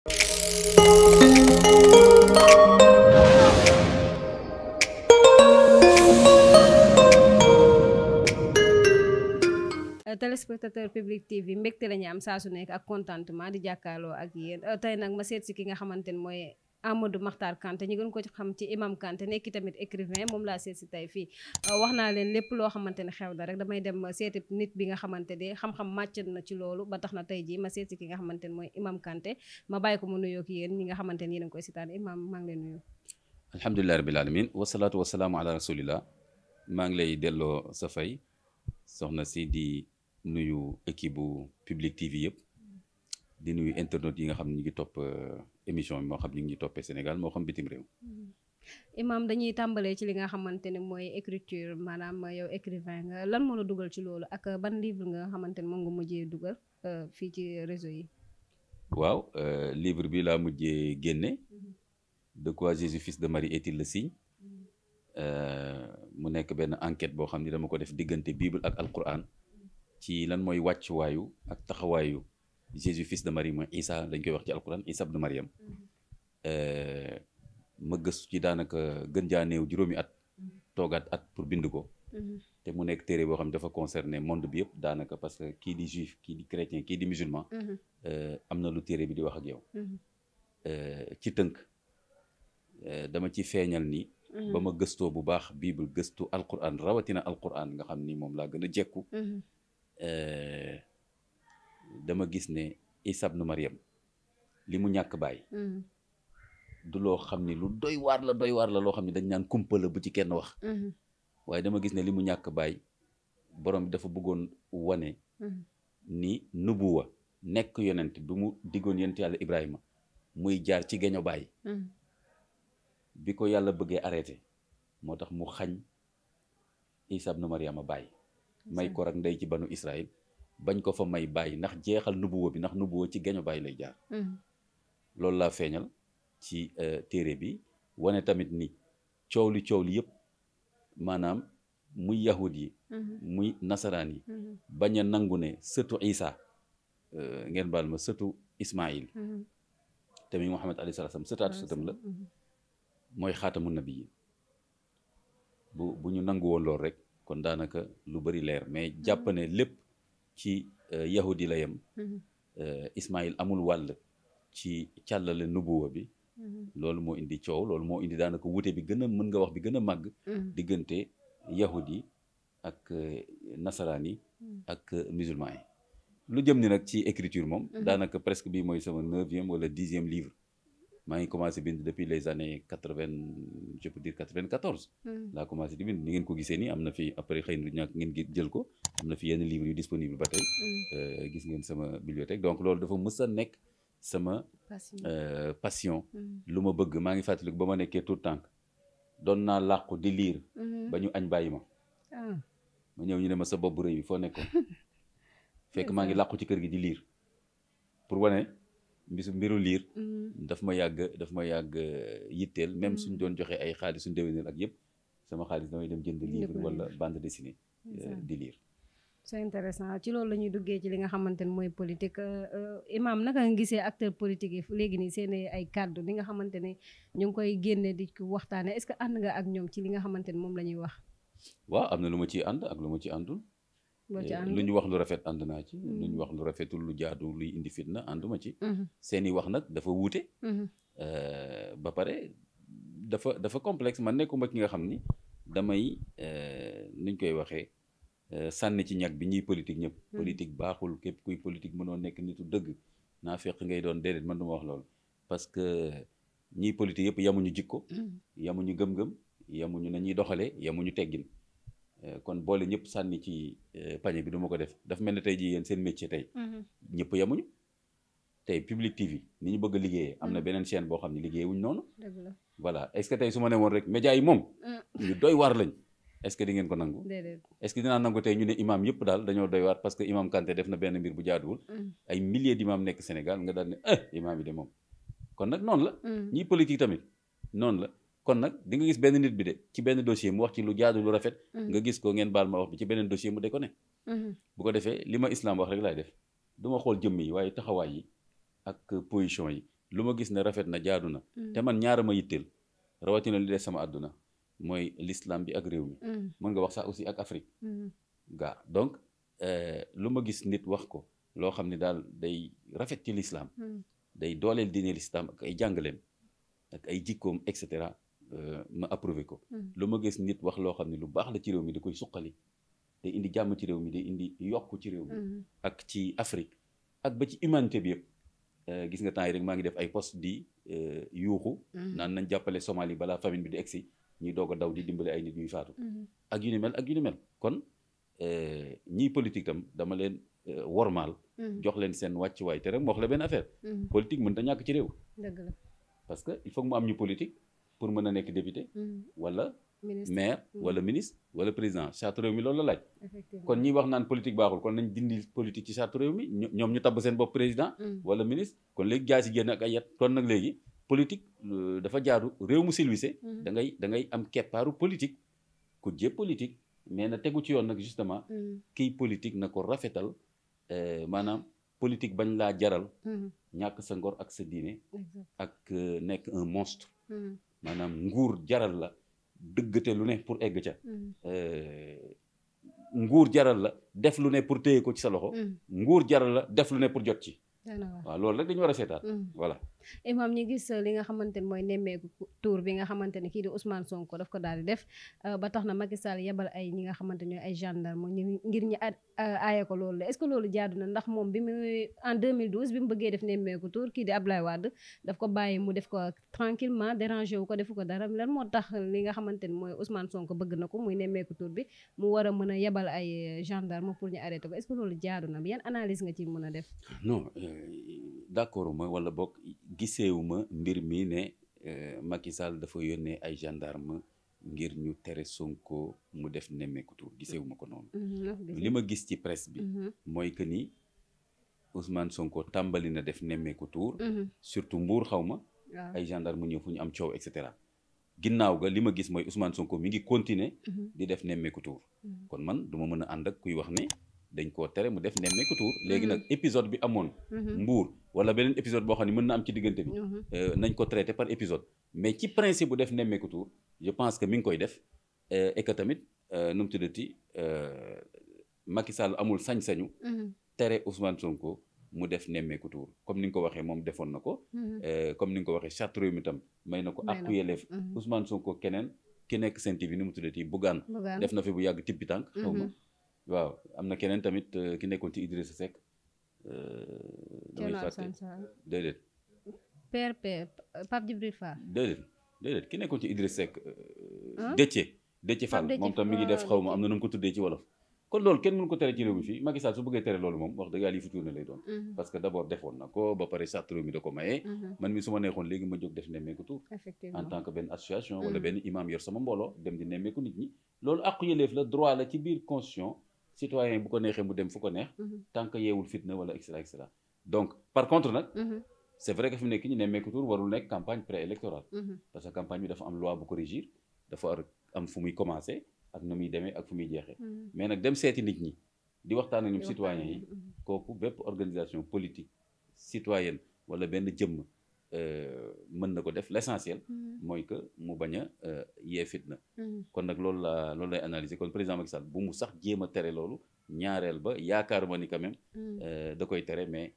Euh, téléspectateur public TV mbégte la am saa su nekk ak contentement di jàkkaaloo ak yéen euh, tey nag ma seet ki nga xamante ni mooy Amadou Makhtar Kanté ñu gën ko xam ci imam Kanté nekk tamit écrivain moom laa seet si tey fii euh, wax naa leen lépp loo xamante ne xew na rek damay dem seeti nit bi nga xamante ne xam-xam màcc na ci loolu ba tax na tey jii ma seet ki nga xamante ne mooy imam Kanté ma bàyyi ko mu nuyoo ki yéen ñi nga xamante ne yéen a ngi koy sitaan imam maa ngi lay nuyu alhamdulilah rabbil alamin wasalaatu wasalaamu ala rasulillah maa ngi lay delloo sa fay soxna si di nuyu équipe bu Public TV yëpp di nuyu internet yi nga xam ne ñu ngi topp euh, émission bi moo xam ñu ngi toppee Sénégal moo xam bitim réew. Mm-hmm. Imaam dañuy tàmbalee ci li nga xamante ne mooy écriture maanaam yow écrivain nga lan moo dugal ci loolu ak ban livre nga xamante ne moo nga mujjee dugal euh, fii ci réseau yi. waaw euh, livre bi laa mujjee génne. Mm-hmm. de quoi Jésus fils de Marie est-il le signe. Mm-hmm. mu nekk benn enquête boo xam ni dama ko def diggante Bible ak Alquran. ci lan mooy wàccuwaayu ak taxawaayu Jésus fils de Marie mooy Isa dañ koy wax ci alquran Isa ibn Mariam mm-hmm. euh, ma gëstu ci daanaka gën jaa néew juróomi at mm-hmm. toogaat at pour bind ko mm-hmm. te mu nekk téere boo xam ne dafa concerné monde bi yëpp daanaka parce que kii di juif kii di chrétien kii di musulman euh, am na lu téere bi di wax ak yow euh, ci tënk dama ci feeñal ni ba ma gëstoo bu baax bible gëstu alquran rawatina alquran nga xam ni moom laa gën a jekku dama gis ne Isa ibnu Maryam li mu ñàkk bàyyi mm. du loo xam ni lu doy waar la doy waar la loo xam ne dañ naan kumpa bu ci kenn wax mm-hmm. waaye dama gis ne li mu ñàkk bàyyi borom bi dafa bëggoon wane mm-hmm. ni nubuwa nekk yonent bi mu diggoon yonent yàlla Ibrahima muy jaar ci geño bàyyi mm-hmm. bi ko yàlla bëggee arrêté moo tax mu xañ Isa ibnu Maryama bàyyi may ko rek ndey ci banu Israël bañ ko fa may bàyyi ndax jeexal nubuwa bi ndax nubuwa ci gaño bàyyi lay jaar mm. loolu laa feeñal ci euh, téere bi wane tamit ni coow li coow li yëpp maanaam muy yahud yi mm-hmm. muy nasaraan yi mm-hmm. bañ a nangu ne sëtu isa euh, ngeen baal ma sëtu ismail mm-hmm. te muy muhammad alayhi salaam sëtaatu sëtam la mooy xaatamu nabiyin bu bu ñu nangu woon lool rek kon daanaka lu bari leer mais jàpp lépp ci euh, yahudi la yem mm-hmm. euh, Ismaïl amul wàll ci càllale nubuwa bi mm-hmm. loolu moo indi coow loolu moo indi daanaka wute bi gën a mën nga wax bi gën a màgg mm-hmm. diggante yahudi ak euh, nasaraan yi ak musulman yi lu jëm ni nag ci écriture moom daanaka presque bii mooy sama neuvième wala dixième livre maa ngi commencé bind depuis les années quatre vingt je peux dire quatre vingt quatorze. Hmm. laa commencé di bind ni ngeen ko gisee nii am na fi après xëy ngeen jël ko am na fi yenn livres yu disponible ba tey. Hmm. Euh, gis ngeen sama bibliothèque donc loolu dafa mës a nekk sama. passion euh, hmm. lu ma bëgg maa ngi fàttaliku ba ma nekkee tout tànk doon naa làqu di liir. ba ñu añ bàyyi ma. Ah. ma ñëw ñu ne ma sa bopp bu rëy bi foo nekkoon fekk maa ngi làqu ci kër gi di liir pour wane. mbisu mbiru liir. Mm-hmm. daf ma yàgg daf ma yàgg euh, yitteel même mm-hmm. suñ doon joxee ay xaalisu suñ ak yëpp sama xaalis damay dem jënd livre wala bande dessinée euh, di liir. c'est intéressant ci loolu la ñuy duggee ci li nga xamante ni mooy politique euh, imam naka nga gisee acteur politique yi léegi nii seen ay kàddu li nga xamante ne ñu ngi koy génne di ko waxtaanee est-ce que ànd nga ak ñoom ci li nga xamante ni moom la ñuy wax. waaw am na lu ma ciy ànd ak lu ma ci àndul. Eh, lu ñu wax lu rafet ànd naa ci mm-hmm. lu ñu wax lu rafetul lu jaadu luy indi fitna ànduma ci mm-hmm. seeni wax nag dafa wute mm-hmm. euh, ba pare dafa dafa complexe man nekkuma ki nga xam ni damay euh, nuñ koy waxee euh, sànni ci ñag bi ñuy politique ñëpp politique baaxul képp kuy politique mënoo nekk nitu dëgg naa fekk ngay doon déedéet man duma wax loolu parce que ñiy politique yëpp yamuñu jikko yamuñu gëm-gëm yamuñu nañuy doxalee yamuñu teggin Euh, kon boole ñëpp sànni ci euh, panier bi du ma ko def dafa mel ne tey jii yéen seen métier tey. Mm-hmm. ñëpp yemuñu tey public TV ni ñu bëgg a am na mm-hmm. beneen chaîne boo xam ne liggéey wuñ noonu. voilà est tey su ma ne woon rek média yi moom. Mm. ñu doy waar lañ. est-ce que di ngeen ko nangu. est-ce que dinaa nangu tey ñu ne imam yëpp daal dañoo doy waar parce que imam Kanté def na benn mbir bu jaaduwul. Mm. ay milliers d'imam nekk Sénégal nga daal ne eh imam yi de moom. kon nag noonu la. Mm. ñiy politique tamit noonu la. kon nag di nga gis benn nit bi de ci benn dossier mu wax ci lu jaadu lu rafet. Mm-hmm. nga gis ko ngeen baal ma wax bi ci beneen dossier mu de ko ne. bu ko defee li ma islam wax rek laay def du ma xool jëmm yi waaye taxawaay yi ak position yi lu ma gis ne rafet na jaadu na. Mm-hmm. te man ñaara ma yitteel rawatina li sama àdduna mooy l'islam bi ak réew mm-hmm. nga wax sax aussi ak Afrique. gaa donc euh, lu ma gis nit wax ko loo xam ne daal day rafet ci l'islam. day dooleel diine l'islam ak ay jàngaleem ak ay jikkoom et cetera. Euh, ma approuvé ko. Hmm. lu ma gis nit wax loo xam ne lu baax la ci réew mi di koy suqali. day indi jàmm ci réew mi day indi yokk ci réew mi. Hmm. ak ci Afrique ak ba ci humanité bi yëpp. Euh, gis nga temps yi maa ngi def ay post di euh, yuuxu. Hmm. naan nañ jàppale Somalie balaa famine bi di si ñuy doog a daw di dimbale ay nit ñuy faatu. ak yu ni mel ak yu ni mel kon ñiy politique dama leen wormaal. jox leen seen wàccuwaay te rek ma wax la benn affaire. politique mën ta ñàkk ci réew. parce que il faut mu am ñu politique. pour mën a nekk député. Mm. wala maire mm. wala ministre wala président charte réew mi loolu la laaj. kon ñi wax naan politique baaxul kon nañ dindi politique ci charte réew mi ñoom ñu tabb seen bopp président. Mm. wala ministre kon léegi jaay si génn ak ay yat kon nag léegi politique euh, dafa jaaru réew mu silwise. da ngay da ngay am keppaaru politique ku jé politique. mais na tegu ci yoon nag justement kiy politique na ko rafetal euh, maanaam politique bañ laa jaral ñàkk sa ngor ak sa diine ak euh, maanaam nguur jaral la dëggate lu ne pour egg ca mm. euh, nguur jaral la def lu ne pour téye ko ci sa loxo mm. nguur jaral la def lu ne pour jot ci waaw loolu rek dañ war a seetaat mm. voilà imam ñu gis euh, li nga xamante ne mooy nemmeeku tour bi nga xamante ne kii di Ousmane Sonko daf ko daal di def euh, ba tax na Macky Sall yebal ay ñi nga xamante ñooy ay gendarme ñu ngir ñu euh, aaye ko loolu la est-ce que loolu jaadu ndax moom bi muy en 2012 bi mu bëggee def nemmeeku tour kii di Ablaye Wade daf ko bàyyi mu def ko tranquillement dérangé wu ko defu ko dara lan moo tax li nga xamante ne mooy Ousmane Sonko bëgg na ko muy nemmeeku tour bi mu war a mën a yebal ay gendarme pour ñu arrêté ko est-ce loolu jaadu na yan analyse nga ci mun a def non d'accord mooy wala bokk gisewuma mbir mi ne euh, Macky Sall dafa yónnee ay gendarme ngir ñu tere Sonko mu def nemmeeku tur gisewuma ko noonu mhm, li ma gis ci presse bi mhm. mooy que ni Ousmane Sonko tàmbali na def nemmeeku tur mhm. surtout Mbour xaw ma ay gendarme ñëw fu ñu am coow et cetera ginnaaw ga li ma gis mooy Ousmane Sonko mi ngi continuer di def nemmeeku tur kon man du mën a ànd ak kuy wax ni dañ koo tere mu def nemmeeku tuur léegi mhm. nag épisode bi amoon mhm. mbuur wala beneen épisode boo xam ne mën na am ci diggante bi mhm. euh, nañ ko traité par épisode mais ci principe bu def nemmeeku tuur je pense que mi ngi koy def euh, et que tamit euh, nu mu tuddati Macky Sall amul sañ-sañu tere Ousmane Sonko mu def nemmeeku comme ni nga ko waxee moom defoon na ko comme ni nga ko waxee charte réew mi tam may na ko àqu yelleef Ousmane Sonko keneen ki nekk Sen TV nu mu tuddati Bougane def na fi bu yàgg tippi tànk xaw ma waaw am na keneen tamit euh, ki nekkoon ci Idrissa Seck. Euh, damay fàtte déedéet. père père Pape Djibril Fall. déedéet déedéet ki nekkoon ci Idrissa Seck. Euh, Déthié Déthié Fall moom tam mi ngi def xaw ma am na nu mu ko tuddee ci wolof. kon loolu kenn mënu ko tere ci réew mi fii Macky su bëggee tere loolu moom wax dëgg yàlla yi fi lay doon. Mhm. parce que d' defoon na ko ba pare charte mi da ko maye. Mhm. man mi su ma neexoon léegi ma jóg def nemmeeku tur. en tant que benn association. Mhm. wala benn imam yor sama mbooloo dem di citoyen bu ko neexee mu dem fu ko neex. Mhm. tant que yeewul fitna wala et cetera et cetera donc par contre nag. Mhm. c' est vrai que fi mu nekk ñu ne Nemmeeku Tour warul nekk campagne préélectorale mhm. parce que campagne bi dafa am loi bu ko régir dafa am fu muy commencé ak na muy demee ak fu muy jeexee. mais nag dem seeti nit ñi di waxtaan ak ñoom yi kooku bépp organisation politique citoyenne wala benn jëmm. Euh, mën na ko def l'essentiel mm. mooy que mu bañ a euh, yee fitna mm. kon nag loolu la loolu lay analyser kon président Macky Sall bu mu sax jéem a tere loolu ñaareel ba yaakaaruma ni quand même mm. euh, da koy tere mais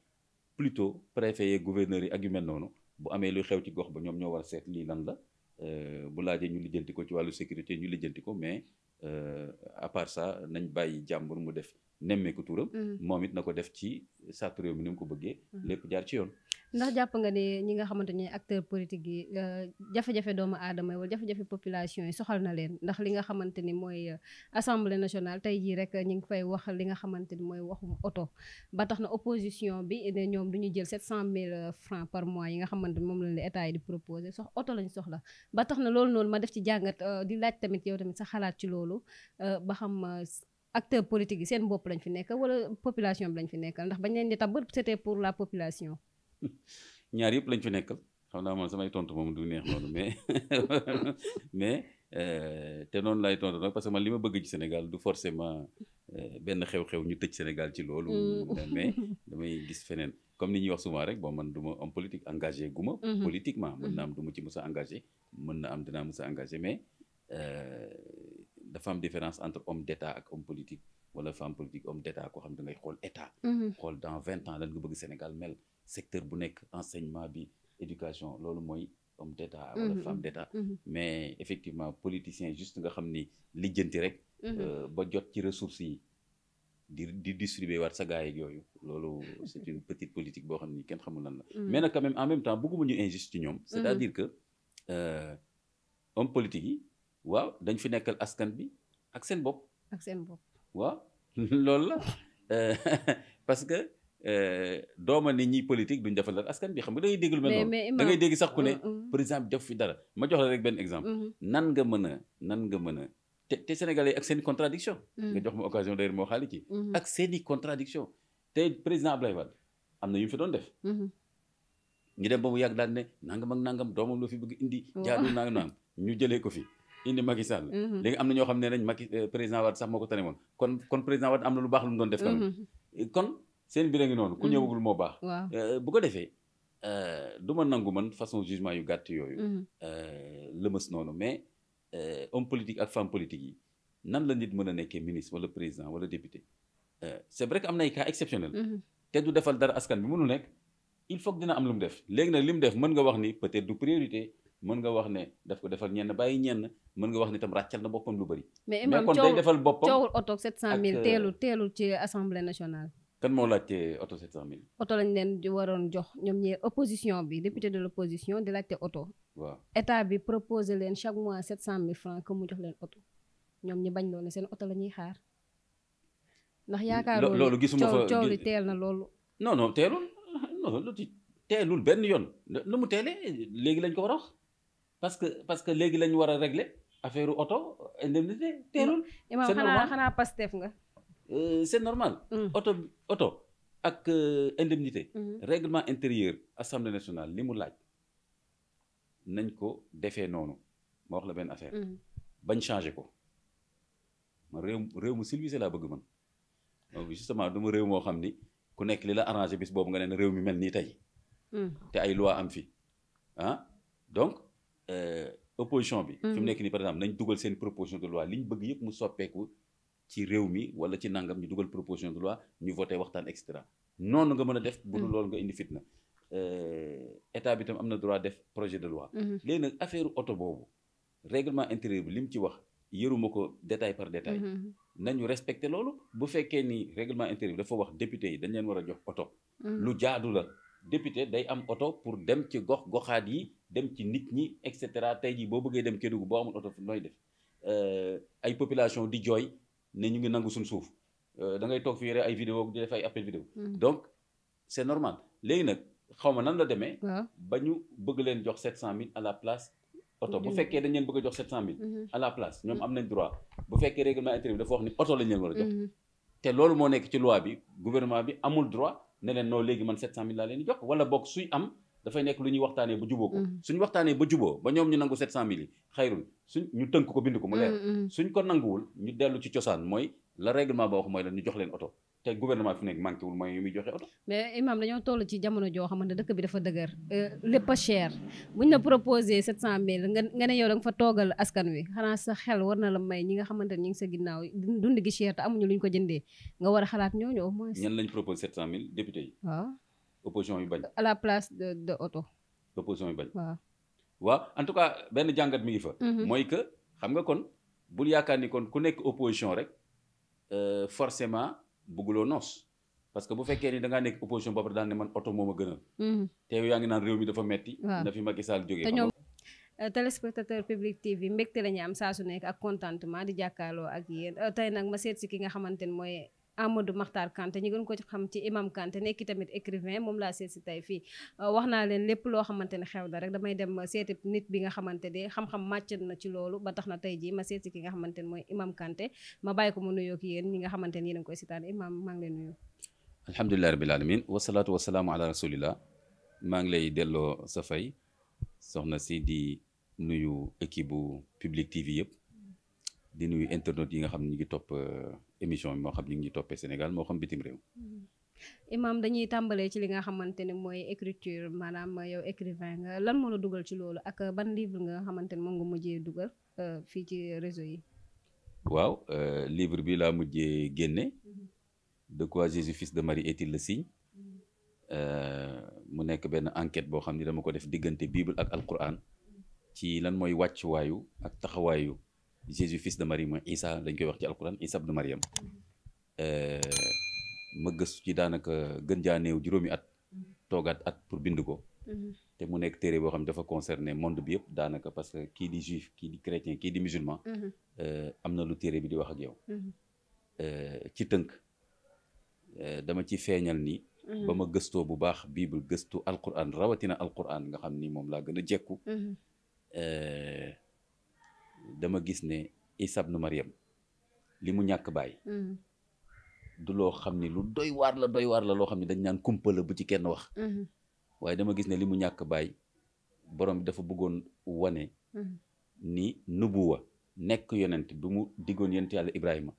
plutôt préfet yeeg gouverneur yi ak yu mel noonu bu amee luy xew ci gox ba ñoom ñoo war a seet lii lan la bu laajee ñu lijjanti ko ci wàllu sécurité ñu lijjanti ko mais à part ça nañ bàyyi jàmbur mu def nemmeeku turam moom it na ko def ci sàtt réew mi ni mu ko bëggee lépp jaar ci yoon ndax jàpp nga ne ñi nga xamante ne acteur politique yi euh, jafe-jafe doomu aadama yi wala jafe-jafe population yi soxal na leen ndax li nga xamante ni mooy euh, assemblée nationale tey jii rek ñu ngi fay wax li nga xamante ni mooy waxum oto ba tax na opposition bi ne ñoom du ñu jël set cent 700000 euh, francs par mois yi nga xamante moom lañu la état yi di proposé sox oto lañ soxla ba tax na loolu noonu ma def ci jàngat di laaj tamit yow tamit sa xalaat ci loolu ba xam acteur politique yi seen bopp lañ fi nekk wala population bi lañ fi nekkal ndax bañ leen di tabb c'était pour la population ñaar yëpp lañ fi nekkal xam naa man samay tontu moom du neex noonu mais mais euh, te noonu lay tontu nag parce que man li ma bëgg ci Sénégal du forcément euh, benn xew-xew ñu tëj Sénégal ci loolu. Mm. mais damay gis feneen. comme ni ñuy wax souvent rek bon man du ma am politique engagé guma mm-hmm. mm-hmm. politiquement mën na am du ma ci mës a engagé. mën na am dinaa mës a engagé mais euh, dafa am différence entre homme d'État ak homme politique. wala femme politique homme d' état xam ne da ngay xool état. Mhm. xool dans vingt ans lan nga bëgg Sénégal mel secteur bu nekk enseignement bi éducation loolu mooy homme d' état. wala mhm. femme d' état. Mhm. mais effectivement politicien juste nga xam ni lijjanti rek. Euh, ba jot ci ressources yi. di di distribuer waat sa gaay yooyu loolu c'est une petite politique boo xam ni kenn xamul lan la. mais nag quand même en même temps bëgguma ñu injuste ci ñoom. c'est-à-dire que euh, homme politique yi waaw dañ fi nekkal askan bi ak seen bopp. ak seen waaw loolu la parce que euh, dooma ni ñi politique duñ defal dara askan bi xam nga da ngay dégg lu mel noonu da ngay dégg sax ku ne mm, mm. par exemple fi dara ma jox la rek benn exemple mm-hmm. nan nga mën nan nga mën a te te sénégalais ak seen i contradiction mm. nga jox ma occasion d'ailleurs moo xaali ci mm-hmm. ak seen i contradiction te président Abdoulaye Wade am na yu mu fi doon def mm-hmm. ñu dem ba mu yàgg daal ne nangam ak nangam doomam loo fi bëgg indi jaadu nangam nangam ñu jële ko fi indi Macky Sall mhm. léegi am na ñoo xam ne nañ Macky euh, président Wade sax moo ko tane woon kon kon président Wade am na lu baax lu mu doon def tamit mhm. kon seen mbir a ngi noonu ku mhm. ñëwagul moo baax euh, bu ko defee euh, du ma nangu man façon jugement yu gàtt yooyu lëmës noonu mais homme politique ak femme politique yi nan la nit mën a nekkee ministre wala président wala député c'est vrai que am na ay cas exceptionnel te du defal dara askan bi mënu nekk il faut que dina am lu mu def léegi nag li mu def mën nga wax ni peut-être du priorité mën nga wax ne daf ko defal ñenn bàyyi ñeen na mën nga wax ne itam ràccal na boppam lu bëri. mais imam kon day defal boppam coowul oto 700000 teelul teelul ci assemblée nationale. kan moo laajte oto 700000. oto lañ leen waroon jox ñoom ñee opposition bi député de l' opposition di laajte oto. waaw bi proposé leen chaque mois 700000 francs que jox leen oto ñoom ñi bañ loolu seen oto la ñuy xaar. ndax yaakaaroo loolu gisuma fa coow li teel na loolu. non non teelul non lu teelul benn yoon lu mu teelee léegi lañ ko war a parce que parce que léegi lañu war a régler affaire oto indemnité teelul imaam xanaa xanaa Pastef nga euh, c'est normal mm. oto oto ak euh, indemnité mm-hmm. réglement intérieur assemblée nationale li mu laaj nañ ko defee noonu ma wax la benn affaire mm-hmm. bañ changé ko ma réew réew mu civilisé la bëgg man donc justement du ma réew moo xam ni ku nekk li la arrangé bis boobu nga neen réew mi mel nii tey mm. te ay loi am fi ah? donc Euh, opposition bi. fi mu mm-hmm. nekk nii par exemple nañ dugal seen proposition de loi li ñu bëgg yëpp mu soppeeku ci réew mi wala ci nangam ñu dugal proposition de loi ñu voté waxtaan et cetera noonu nga mën a def. bu dul mm-hmm. loolu nga indi fitna. Euh, état bi tam am na droit def projet de loi. Mm-hmm. léegi nag affaire oto boobu règlement intérieur bi li mu ci wax yëruma ko détail par détail. nañu respecté loolu bu fekkee ni réglement intérieur bi dafa wax député yi dañ leen war a jox oto. lu jaadu la. député day am oto pour dem ci gox goxaat yi dem ci nit ñi et cetera tey jii boo bëggee dem Kédougou boo amul oto fu nooy def euh, ay population di jooy ne ñu ngi nangu suñ suuf euh, da ngay toog fi yore ay vidéo di def ay appel hmm. donc c'est normal léegi nag xaw ma nan la demee ba ñu bëgg leen jox sept cent mille à la place oto bu fekkee dañ leen bëgg a jox sept cent mille hmm. à la place ñoom hmm. am nañ droit bu fekkee règlement intérieur bi dafa wax ni oto lañ leen war te loolu moo nekk ci loi bi gouvernement bi amul droit ne leen non léegi man 700000 laa leen di jox wala boog suy am dafay nekk lu ñuy waxtaanee ba juboo ko mm-hmm. suñ waxtaanee ba juboo ba ñoom ñu nangu 700000 yi xayrul suñ ñu tënk ko bind ko mu leer mm-hmm. suñ ko nanguwul ñu dellu ci cosaan mooy la règlement ba wax mooy la ñu jox leen oto te gouvernement fi nekk manqué wul moyens yu muy joxe oto. mais imam dañoo toll ci jamono joo xamante dëkk bi dafa dëgër. Euh, lépp a cher buñ la proposé 700000 nga nga ne yow da fa toogal askan wi xanaa sa xel war na la may ñi nga xamante ne ñu ngi sa ginnaaw dund gi cher te amuñu ñu ko jëndee nga war a xalaat ñooñu au moins. ñan lañ proposé 700000 député yi. waaw opposition yu bañ. à la place de de oto. opposition yu bañ. waaw en tout cas benn jàngat mi ngi fa. Mhm. mooy que xam nga kon bul yaakaar ni kon ku nekk opposition rek euh, forcément. bëgguloo noos parce que bu fekkee ni da ngaa nekk opposition boobu daal ne man oto moo ma gënal. Mm-hmm. te yow yaa ngi naan réew mi dafa metti na fi Macky Sall jógee. Euh, téléspectateur public TV mbégte la ñu am saa su nekk ak contentement di jàkkaaloo ak yéen euh, tey nag ma seet ki nga xamante ni mooy Amadou Makhtar Kanté ñu gën ko xam ci imam Kanté nekk tamit écrivain moom laa seet si tey fii euh, wax naa leen lépp loo xamante ne xew na rek damay dem seeti nit bi nga xamante ne xam-xam màcc na ci loolu ba tax na tey jii ma seet ki nga xamante ne mooy imam Kanté ma bàyyi ko mu nuyoo ak yéen ñi nga xamante ne yéen a ngi koy sitaan imam maa ngi lay nuyu. alhamdulilah rabbil alamin wasalaatu wasalaamu ala rasulillah maa ngi lay delloo sa fay soxna si di nuyu équipe bu Public TV yëpp di nuyu internet yi nga xam ne ñu ngi topp. Euh, émission bi moo xam ñu ngi toppee Sénégal moo xam bitim réew. Mm-hmm. Imaam dañuy tàmbalee ci li nga xamante ne mooy écriture maanaam yow écrivain nga lan moo la dugal ci loolu ak ban livre nga xamante ne moo nga mujjee dugal euh, fii ci réseau yi. waaw euh, livre bi laa mujjee génne. Mm-hmm. de quoi Jésus fils de Marie est-il signe. Mm-hmm. Euh, mu nekk benn enquête boo xam ni dama ko def diggante Bible ak Alquran. ci lan mooy wàccuwaayu ak taxawaayu Jésus fils de Marie Isa dañ koy wax ci alquran Isa ibn Mariam euh, ma gëstu ci daanaka gën jaa néew juróomi at toogaat at pour bind ko mhm. te mu nekk téere boo xam ne dafa concerné monde bi yëpp daanaka parce que kii di juif kii di chrétien kii di musulman mhm. euh, am na lu téere bi di wax ak yow mhm. euh, ci tënk dama ci feeñal ni ba ma gëstoo bu baax bible gëstu alquran rawatina alquran nga xam ni moom laa gën a jekku dama gis ne Isa ibnu Maryam li mu ñàkk bàyyi mm. du loo xam ni lu doy waar la doy waar la loo xam ne dañ naan kumpa bu ci kenn wax mm-hmm. waaye dama gis ne li mu ñàkk bàyyi borom bi dafa bëggoon wane mm-hmm. ni nubuwa nekk yonent bi mu diggoon yonent yàlla Ibrahima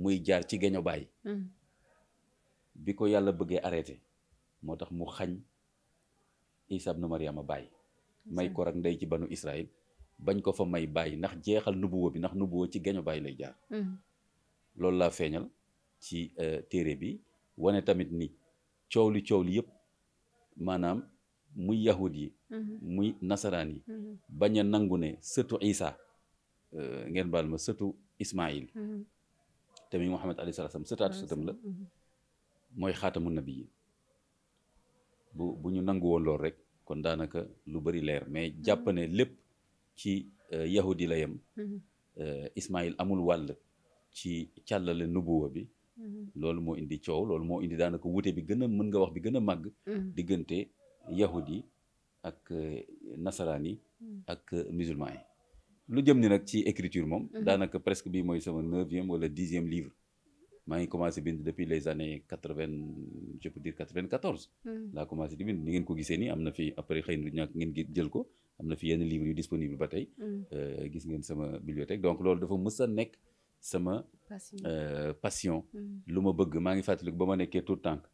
muy jaar ci geño bàyyi mm-hmm. bi ko yàlla bëggee arrêté moo tax mu xañ Isa ibnu Maryama bàyyi may ko rek ndey ci banu Israël bañ ko fa may bàyyi ndax jeexal nubuwa bi ndax nubuwa ci gaño bàyyi lay jaar mm. loolu laa feeñal ci euh, téere bi wane tamit ni coow li coow li yëpp maanaam muy yahud yi mm-hmm. muy nasaraan yi mm-hmm. bañ a nangu ne sëtu isa euh, ngeen baal ma sëtu ismail mm-hmm. te muy muhammad alayhi salaam sëtaatu sëtam la mooy xaatamu nabiyin bu bu ñu nangu woon lool rek kon daanaka lu bari leer mais jàppane lépp ci euh, yahudi la yem mm-hmm. euh, Ismaïl amul wàll ci càllale nubuwa bi mm-hmm. loolu moo indi coow loolu moo indi daa daanaka wute bi gën mën nga wax bi gën a màgg mm-hmm. diggante yahudi ak euh, nasaraan yi ak musulman yi lu jëm ni nag ci écriture moom daanaka presque bii mooy sama neuvième wala dixième livre maa ngi commencé bind depuis les années quatre vingt je peux dire quatorze laa commencé di bind ni ngeen ko gisee nii am na fi après xëy na ñàkk ngeen jël ko am na fi yenn livres yu disponible ba tey. Mm. Euh, gis ngeen sama bibliothèque donc loolu dafa mës a nekk sama. passion euh, mm. lu ma bëgg maa ngi fàttaliku ba ma nekkee tout tànk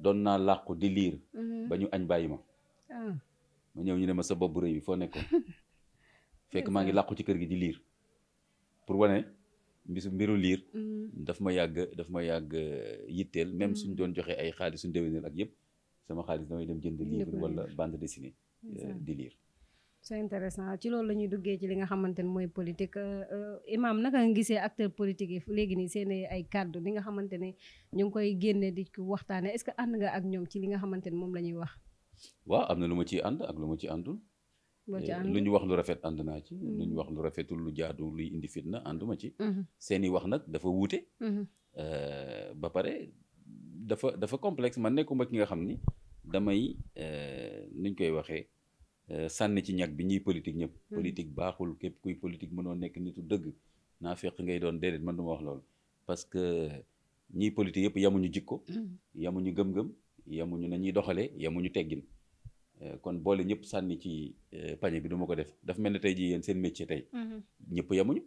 doon naa làqu di liir. Mm-hmm. ba ñu añ bàyyi ma. Ah. ma ñëw ñu ne ma sa bopp bu rëy bi foo nekkoon. fekk maa ngi làqu ci kër gi di liir pour wane mbisu mbiru liir. Mm-hmm. daf ma yàgg daf ma yàgg euh, yitteel même suñ mm-hmm. doon joxe ay xaalis suñ déwénal ak yëpp sama xaalis damay dem jënd livre wala bande dessinée di liir. c'est intéressant ci loolu la ñuy duggee ci li nga xamante ni mooy politique euh, imam naka nga gisee acteur politique yi léegi nii seen ay kàddu li nga xamante ne ñu ngi koy génne di ko ce que ànd nga ci li nga xamante ni moom la ñuy wax waaw am na lu ma ciy ànd ak lu ma ci àndul eh, lu ñu wax lu rafet ànd ci mm-hmm. lu ñu wax lu rafetul lu jaadu luy indi fitna ànduma ci mm-hmm. seen i wax nag dafa wuute mm-hmm. euh, ba pare dafa dafa complexe man nekkuma ki nga xam ni damay euh, nuñ koy waxee Euh, sànni ci ñag bi ñuy politique ñëpp hmm. politique baaxul képp kuy politique mënoo nekk nitu dëgg naa fekk ngay doon déedéet man duma wax loolu parce que ñiy politique yëpp yamuñu jikko hmm. yamuñu gëm-gëm yamuñu na ñuy doxale yamuñu teggin euh, kon boole ñëpp sànni ci euh, pañe bi duma ko def dafa mel ne tey jii yéen seen métier tey hmm. ñëpp yamuñu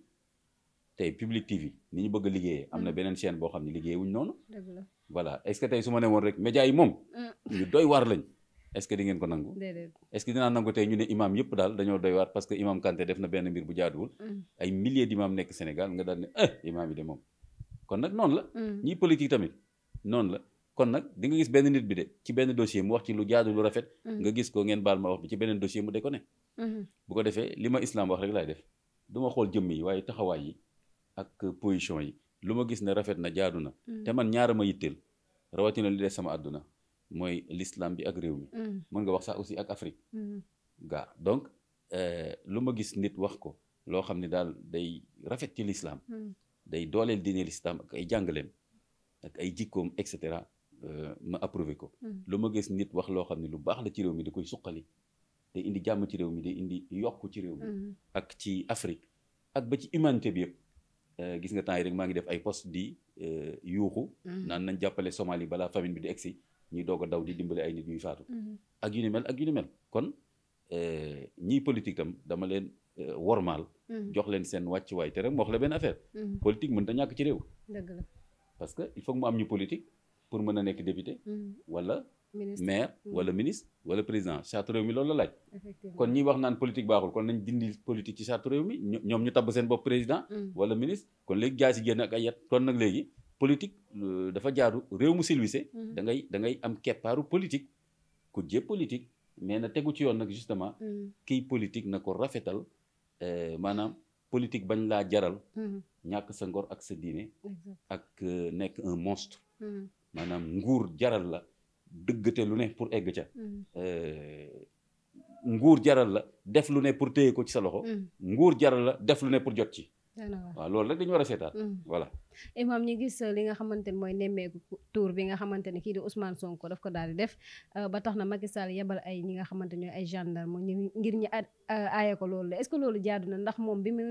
tey public TV ni ñu bëgg a am na beneen chaîne boo xam ne liggéey wuñ noonu voilà est que tey su ma ne woon rek média yi moom ñu doy waar lañ est-ce que di ngeen ko nangu est-ce que dinaa nangu tey ñu ne imam yëpp daal dañoo doy waat parce que imam Kanté def na benn mbir bu jaaduwul mm. ay milliers d'imam nekk Sénégal nga daal ne eh imam yi de moom kon nag noonu la mm. ñiy politique tamit noonu la kon nag di nga gis benn nit bi de ci benn dossier mu wax ci lu jaadu lu rafet mm. nga gis ko ngeen baal ma wax bi ci beneen dossier mu de ko ne bu ko defee li ma islam wax rek laay def du ma xool jëmm yi waaye taxawaay yi ak position yi lu ma gis ne rafet na jaadu na te man ñaara ma yitteel rawatina li sama àdduna mooy l'islam bi ak réew mi. Mm. mën nga wax sax aussi ak Afrique. Mm. gaa donc euh, lu ma gis nit wax ko loo xam ne daal day rafet ci l'islam. Mm. day dooleel diine l'islam ak ay jàngaleem ak ay jikkoom et cetera euh, ma approver ko. lu ma gis nit wax loo xam ne lu baax la ci réew mi di koy suqali. day indi jàmm ci réew mi day indi yokk ci réew mi. ak ci Afrique ak ba ci humanité bi yëpp. Euh, gis nga temps yi rek maa ngi def ay post di yuuxu. naan nañ jàppale Somalie balaa famine bi di egsi ñuy doog a daw di dimbale ay nit ñuy faatu. Mm-hmm. ak yu ni mel ak yu ni mel kon eh, ñiy politique dama leen eh, wormaal. Mm-hmm. jox leen seen wàccuwaay te rek ma wax la benn affaire. Mm-hmm. politique mënut a ñàkk ci réew. parce que il faut mu am ñu politique pour mën a nekk député. wala maire wala ministre wala président charte mi loolu la laaj. kon ñiy wax naan politique baaxul kon nañ dindi politique ci charte réew mi ñoom ñu tabb seen bopp président. Mm. wala ministre kon léegi jaay si génn ak nag léegi. politique euh, dafa jaaru réew mu silwise mhm. da ngay da ngay am keppaaru politique ku jé politique mais na tegu ci yoon nag justement mhm. kiy politique na ko rafetal euh, maanaam politique bañ laa jaral mhm. ñàkk sa ngor ak sa diine ak euh, nekk un monstre maanaam nguur jaral la dëggate lu ne pour egg ca nguur jaral la def lu ne pour téye ko ci sa loxo nguur jaral la def lu ne pour jot ci waaw loolu rek dañu war a seetaat voilà imam ñu gis euh, li nga xamante ne mooy nemmeeku tour bi nga xamante ne kii di Ousmane Sonko daf ko daal di def euh, ba tax na Macky Sall yebal ay ñi nga xamante ñooy ay gendarme ñu ngir ñu euh, aaye ko loolu la est-ce loolu jaadu na ndax moom bi mu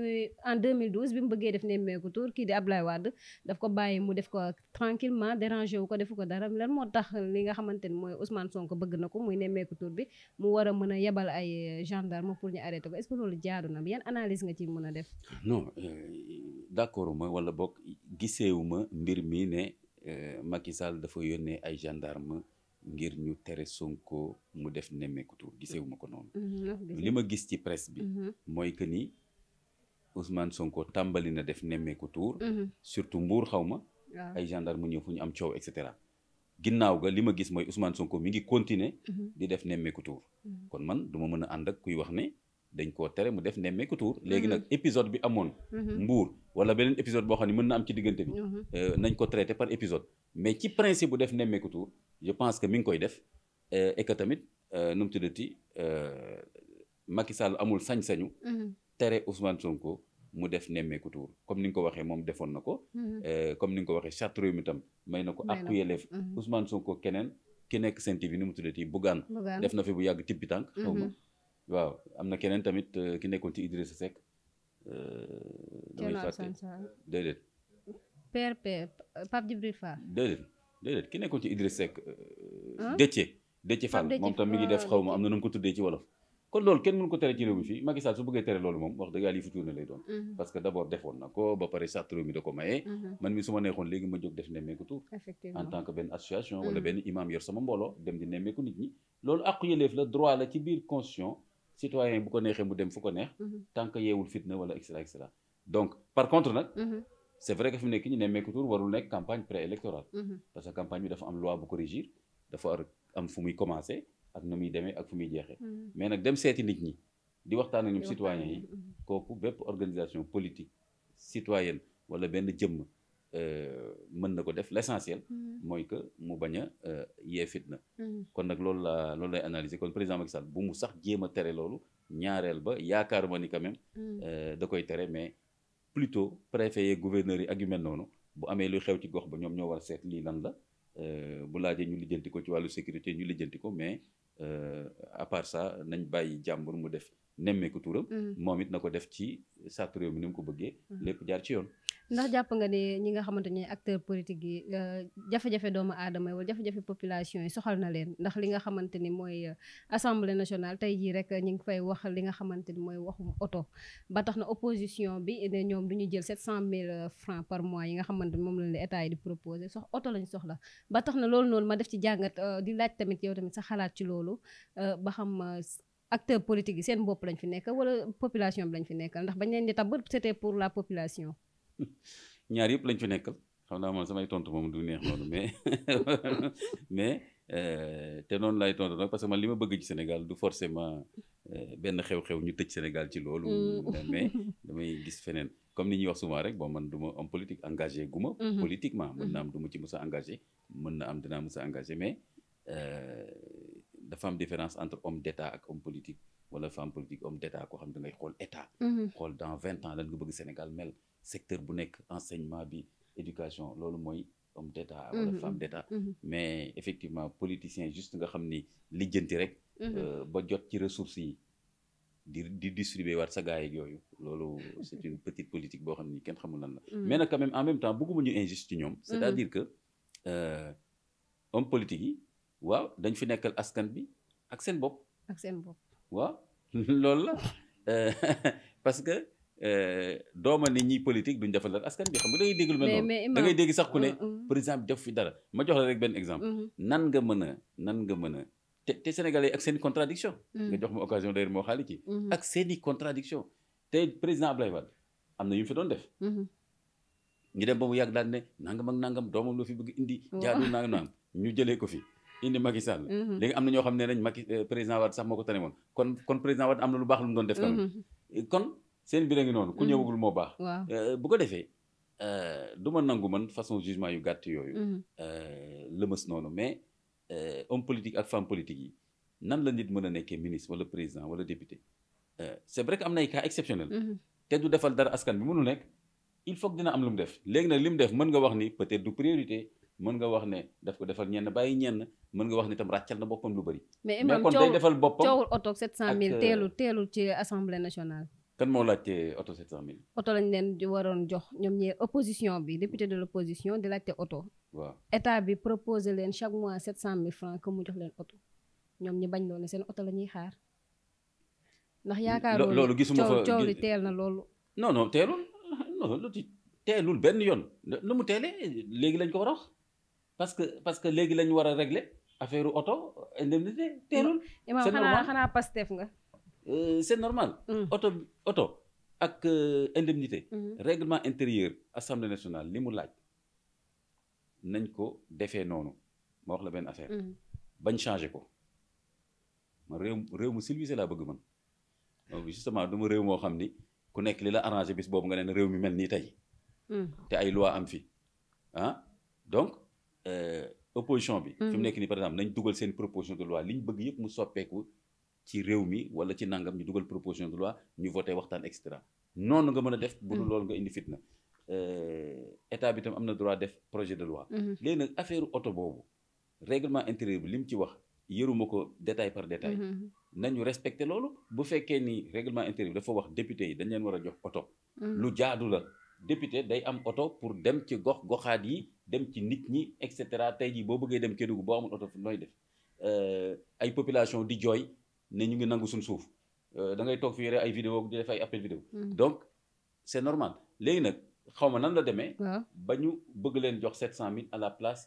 en 2012 bi mu bëggee def nemmeeku tour kii di Ablaye Wade daf ko bàyyi mu def ko tranquillement dérangé wu ko defu ko dara lan moo tax li nga xamante ne mooy Ousmane Sonko bëgg na ko muy nemmeeku tour bi mu war a mën a yebal ay gendarme pour ñu arrêté ko est-ce loolu jaadu na yan analyse nga ci mun a def non d'accord mooy wala bokk giseewuma mbir mi ne euh, Macky Sall dafa yónnee ay gendarme ngir ñu tere Sonko mu def nemmeeku tur giseewuma ko noonu mhm, li ma gis ci presse bi mhm. mooy que ni Ousmane Sonko tàmbali na def nemmeeku tur mhm. surtout Mbour xaw ma ay gendarme ñëw fu ñu am coow et cetera ginnaaw ga li ma gis mooy Ousmane Sonko mi ngi continuer di def nemmeeku tur kon man du mën a ànd ak kuy wax ne dañ koo tere mu def nemmeeku léegi mhm. nag épisode bi amoon mhm. mbuur wala beneen épisode boo xam ne mën na am ci diggante bi mhm. euh, nañ ko traité par épisode mais ci principe bu def nemmeeku je pense que mi ngi koy def euh, et que tamit euh, nu mu tuddati Macky Sall amul sañ-sañu tere Ousmane Sonko mu def nemmeeku comme ni nga ko waxee moom defoon na ko comme ni nga ko waxee charte réew mi may na ko àqu yelleef Ousmane Sonko keneen ki nekk Sen TV ni mu tuddati Bougane def na fi bu yàgg tippi tànk xaw waaw am na keneen tamit euh, ki nekkoon ci Idrissa Seck. Euh, damay fàtte déedéet. ki nekkoon ci Idrissa Seck. Euh, Déthié Déthié moom tam mi ngi def xaw ma am na nu ko tuddee ci wolof. kon loolu kenn mënu ko tere ci réew mi fii Macky su bëggee tere loolu moom wax dëgg yàlla yi fi lay doon. Mhm. parce que d' abord defoon na ko ba pare charte réew mi da ko maye. Mhm. man mi su ma neexoon léegi ma jóg def nemmeeku tur. en tant que benn association. Mhm. wala benn imam yor sama mbooloo dem di nemmeeku citoyen bu ko neexee mu dem fu ko neex. Mhm. tant que yeewul fitna wala et cetera et donc par contre nag. Mhm. c' est vrai que fi mu nekk ñu ne Nemmeeku Tour warul nekk campagne préélectorale. Mhm. parce que campagne bi dafa am loi bu ko régir dafa am fu muy commencé ak na muy demee ak fu muy jeexee. mais nag dem seeti nit ñi di waxtaan ak ñoom citoyen yi kooku bépp organisation politique citoyenne wala benn jëmm. Euh, mën na ko def l'essentiel mm. mooy que mu bañ a euh, yee fitna mm. kon nag loolu la loolu lay analyser kon président Macky Sall bu mu sax jéem a tere loolu ñaareel ba yaakaaruma ni quand même mm. euh, da koy tere mais plutôt préfet yeeg gouverneur yi ak yu mel noonu bu amee luy xew ci gox ba ñoom ñoo war a seet lii lan la bu laajee ñu lijjanti ko ci wàllu sécurité ñu lijjanti ko mais à part nañ bàyyi jàmbur mu def nemmeeku turam moom it na ko def ci sàrt réew mi ni mu ko bëggee lépp jaar ci yoon ndax jàpp nga ne ñi nga xamante ne acteur politique yi euh, jafe-jafe doomu aadama yi wala jafe-jafe population yi soxal na leen ndax li nga xamante ni mooy euh, assemblée nationale tey jii rek ñu ngi fay wax li nga xamante ni mooy waxum oto ba tax na opposition bi ne ñoom du ñu jël cent 700000 euh, francs par mois yi nga xamante moom lañ la état yi di proposé sox oto lañ soxla ba tax na loolu noonu ma def ci jàngat di laaj tamit yow tamit sa xalaat ci loolu ba xam acteur politique yi seen bopp lañ fi nekk wala population bi lañ fi nekkal ndax bañ leen di tabb c'était pour la population ñaar yëpp lañ fi nekkal xam naa man samay tontu moom du neex noonu mais mais euh, te noonu lay tontu nag parce que man li ma bëgg ci Sénégal du forcément euh, benn xew-xew ñu tëj Sénégal ci loolu. Mm. mais damay gis feneen comme ni ñuy wax souvent rek boo man duma ma politique engagé guma mm-hmm. mm-hmm. politiquement mën na am du ma ci mës a engagé mën na am dinaa mës a engagé mais euh, dafa am différence entre homme d'état ak homme politique wala femme politique homme d'état koo xam ne da ngay xool état. Mm-hmm. secteur bu nekk enseignement bi éducation loolu mooy homme d'état wala mhm, femme mhm, d'état mhm. mais effectivement politicien juste nga xam ni lijjanti rek euh, ba jot ci ressources yi di di distribuer waat sa gaay yooyu loolu c'est une petite politique boo xam ni kenn xamul lan la mais nag quand même en même temps bëgguma ñu injuste ci ñoom c'est-à-dire que euh, homme politique yi waaw dañ fi nekkal askan bi ak seen bopp ak seen bopp waaw loolu la euh, parce que Euh, dooma ni ñi politique duñ defal dara askan bi xam nga da ngay dégg lu mel noonu da ngay dégg sax ku ne mm, mm. par exemple def fi dara ma jox la rek benn exemple mm-hmm. nan nga mën a nan nga mën a te te sénégalais ak seen i contradiction mm. nga jox ma occasion d'ailleurs moo xaali ci mm-hmm. ak seen i contradiction te président Abdoulaye Wade am na yu mu fi doon def mm-hmm. ñu dem ba mu yàgg daal ne nangam ak nangam doomam loo fi bëgg indi jaadu nangam nangam ñu jëlee ko fi indi Macky Sall léegi am na ñoo xam ne nañ Macky euh, président Wade sax moo ko tane kon kon président na lu baax lu mu doon def seen mbir a ngi noonu ku mm. ñëwagul moo baax. Euh, bu ko defee euh, du ma nangu man façon jugement yu gàtt yooyu. Mm-hmm. Euh, lëmës noonu mais homme politique ak femme politique yi nan la nit mën a nekkee ministre wala président wala député c'est vrai am na ay cas exceptionnel mm-hmm. te du defal dara askan bi mënu nekk il faut que dina am lu mu def léegi nag li mu def mën nga wax ni peut-être du priorité mën nga wax ne daf ko defal ñenn bàyyi ñenn mën nga wax ne tam ràccal na boppam lu bëri. mais kon day kan moo laajte oto 700000. oto lañ leen di waroon jox ñoom ñee opposition bi député de l' opposition di laajte oto. waaw état bi proposé leen chaque mois 700000 francs que mu jox leen oto ñoom ñi bañ loolu seen oto la ñuy xaar. ndax yaakaaroo loolu gisuma fa coow li teel na loolu. non non teelul teelul benn yoon lu mu teele léegi lañ ko war a wax parce que parce que léegi lañ war a régler affaire oto indemnité teelul. c'est normal xanaa Pastef nga. Euh, c'est normal. oto mm. oto ak euh, indemnité. Mm-hmm. règlement intérieur assemblée nationale li mu laaj nañ ko defee noonu ma wax la benn affaire. Mm-hmm. bañ changé ko ma réew réew mu civilisé laa bëgg man donc justement du ma réew moo xam ni ku nekk li la arrangé bis boobu nga neen réew mi mel nii tey. Mm. te ay loi am fi ah donc. Euh, opposition bi. fi mu mm-hmm. nekk nii par exemple nañ dugal seen proposition de loi li ñu bëgg yëpp mu soppeeku. ci réew mi wala ci nangam ñu dugal proposition de loi ñu voté waxtaan et cetera noonu nga mën a def. bu dul mm. loolu nga indi fitna. Euh, état bi tam am na droit def projet de loi. Mm-hmm. léegi nag affaire oto boobu règlement intérieur bi li mu ci wax yëruma ko détail par détail. Mm-hmm. nañu respecté loolu bu fekkee ni règlement intérieur bi dafa wax député yi dañ leen war a jox oto. Mm-hmm. lu jaadu la député day am oto pour dem ci gox goxaat yi dem ci nit ñi et cetera tey jii boo bëggee dem Kédougou boo amul oto fu nooy def euh, ay population di jooy. ne ñu ngi nangu suñ suuf euh, da ngay toog fi yore ay vidéo di def ay appel vidéo hmm. donc c' normal léegi nag xaw ma nan la demee. ba ñu bëgg leen jox 700000 à la place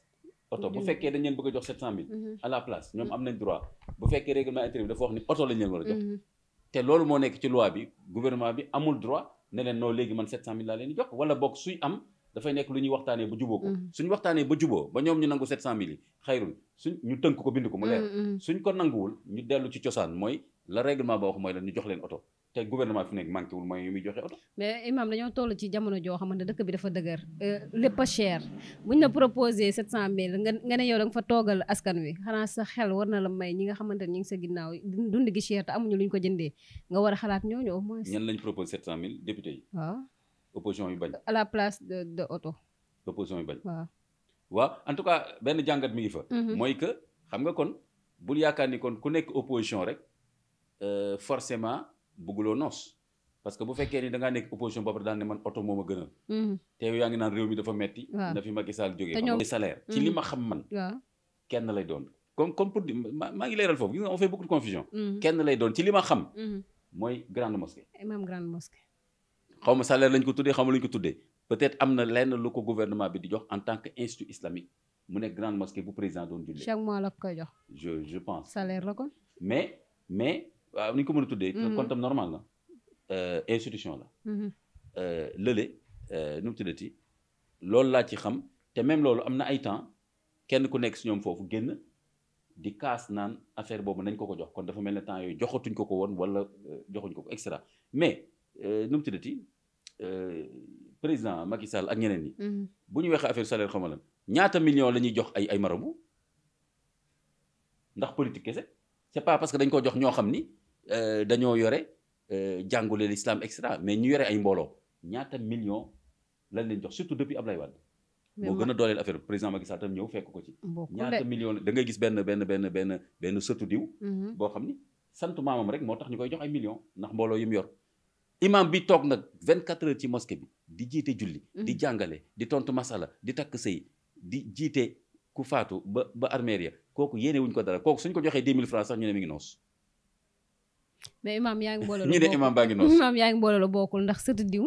oto bu fekkee dañ leen bëgg a jox 700000. Hmm. à la place ñoom hmm. am nañ droit bu fekkee règlement intérieur bi dafa wax ni oto lañ leen war jox. te loolu moo nekk ci loi bi gouvernement bi amul droit ne leen noo léegi man 700000 laa leen di jox wala bokk suy am. dafay nekk lu ñuy waxtaanee ba juboo ko mm-hmm. suñu waxtaanee ba juboo ba ñoom ñu nangu sept cent mille yi xayrul suñ ñu tënk ko bind ko mu leer mm-hmm. suñ ko nanguwul ñu dellu ci cosaan mooy la règlement ba wax mooy la ñu jox leen oto te gouvernement fi nekk manqué wul moyen yu muy joxe ci jamono joo xamante dëkk bi dafa dëgër euh, lépp a cher buñ la proposé sept cent mille nga nga ne yow da nga fa toogal askan wi xanaa sa xel war na la may ñi nga xamante ne ñu ngi sa ginnaaw dund gi cher te amuñu lu ñu ko jëndee nga war a xalaat ñooñu au moins ñan lañ proposé sept cent mille député yi waaw ah. opposition yu bañ. à la place de de oto. opposition yu waaw en tout cas benn jàngat mi ngi fa. Mhm. mooy que xam nga kon bul yaakaar ni kon ku nekk opposition rek euh, forcément bugguloo noos. parce que bu fekkee ni da ngaa nekk opposition boobu daan ne man oto moo ma gënal. Mhm. te yaa ngi naan réew mi dafa metti na fi Macky Sall jógee. te salaire ci mhm. li ma xam man. kenn lay doon comme comme pour maa ngi leeral foofu gis nga on fait beaucoup confusion. kenn lay doon ci li ma xam. mooy grande xaw ma salaire lañ ko tuddee xaw ma lañ ko tuddee peut-être am na lenn lu ko gouvernement bi di jox en tant que institut islamique mu nekk grande mosquée bu président doon jullee. chaque mois la koy mais mais waaw ni ñu ko mën a tuddee. Mm-hmm. compte normal la euh, institution la. Mm-hmm. Euh, lële euh, nu mu tuddati loolu laa ci xam te même loolu am na ay temps kenn ku nekk si ñoom foofu génn. di kaas naan affaire boobu nañ ko ko jox kon dafa mel ne temps yooyu joxatuñ ko ko woon wala joxuñ ko ko extra mais nu mu tuddati Euh, président Macky Sall ak ñeneen yi mm-hmm. bu ñu waxee affaire salaire xamal ñaata million la ñuy jox ay ay marabu ndax politique kese c'est pas parce que dañ ko jox ñoo xam ni euh, dañoo yore euh, jàngule l'islam et cetera mais ñu yore ay mbooloo ñaata million lañ leen jox surtout depuis Ablaye Wade. moo gën a dooleel affaire président Macky Sall tam ñëw fekk ko ci. ñaata million da ngay gis benn benn benn benn benn sëtu diw. Mm-hmm. boo xam ni sant maamam rek moo tax ñu koy jox ay millions mbooloo yi mu yor. imam bi toog nag 24 heures ci mosquée bi di jiite julli. di mm-hmm. jàngale di tontu masala di takk sëy di jiite ku faatu ba ba armeer ya kooku yéene wuñ ko dara kooku suñ ko joxee 10 000 francs sax mi ngi noos. mais imam yaa ngi mbooloo ñu ne imam baa ngi noos imam yaa ngi mbooloo la bokkul ndax sëtu diw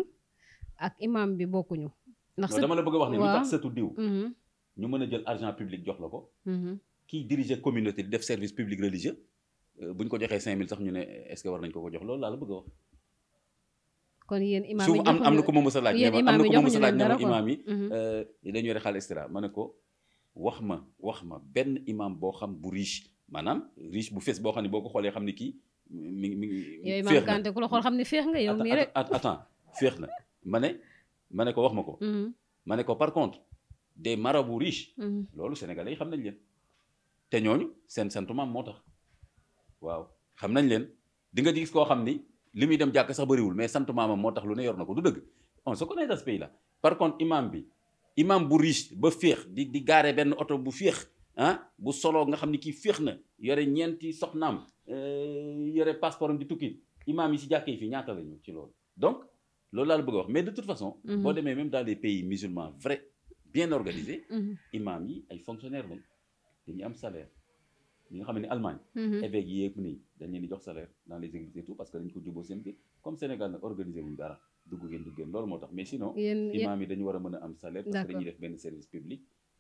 ak imam bi bokkuñu. ndax dama la bëgg wax ne lu tax sëtu diw. Mm-hmm. ñu mën a jël argent public jox la ko. Mm-hmm. kiy diriger communauté di def service public religieux euh, bu ñu ko joxee 5000 sax ñu ne est-ce que war nañ ko ko jox loolu laa la bëgg a wax. kon yéen imaam yi na ko ma mës a laaj am na ko ma a laaj mhm. euh, ma dañu yore xaalis extra ne ko wax ma wax ma benn imaam boo xam bu riche maanaam riche bu fees boo xam ne boo ko xoolee xam ne ki mi mi yow imaam Kanté ku la xool xam ne feex nga yow mii rek attends na ma ne ma ne ko wax ma ko mhm. ma ne ko par contre des bu riches mhm. loolu sénégalais yi xam nañ leen te ñooñu seen santu maam moo tax waaw xam nañ leen di nga koo xam ni li muy dem jàkk sax bariwul mais sant maamam moo tax lu ne yor na ko du dëgg on se connaît dans ce pays par contre imam bi imam bu riche ba féex di di gaare benn oto bu féex ah bu solo nga xam ni kii féex na yore ñeenti soxnaam euh, yore passeport am di tukki imam yi si jàkk fii ñaata la ñu ci loolu donc loolu laa la bëgg a wax mais de toute façon mhm. boo demee même dans les pays musulmans vrais bien organisés mhm. imam yi ay fonctionnaires lañ dañu am salaire ñi nga xam ne Allemagne. Mhm. évêques yi yëpp nii dañ leen di jox salaire dans les églises et tout parce que dañ ko jubóo seen biir comme Sénégal nag organisé wuñ dara dugg ngeen dugg ngeen loolu moo tax mais sinon. imaam yi dañu war a mën a am salaire. parce que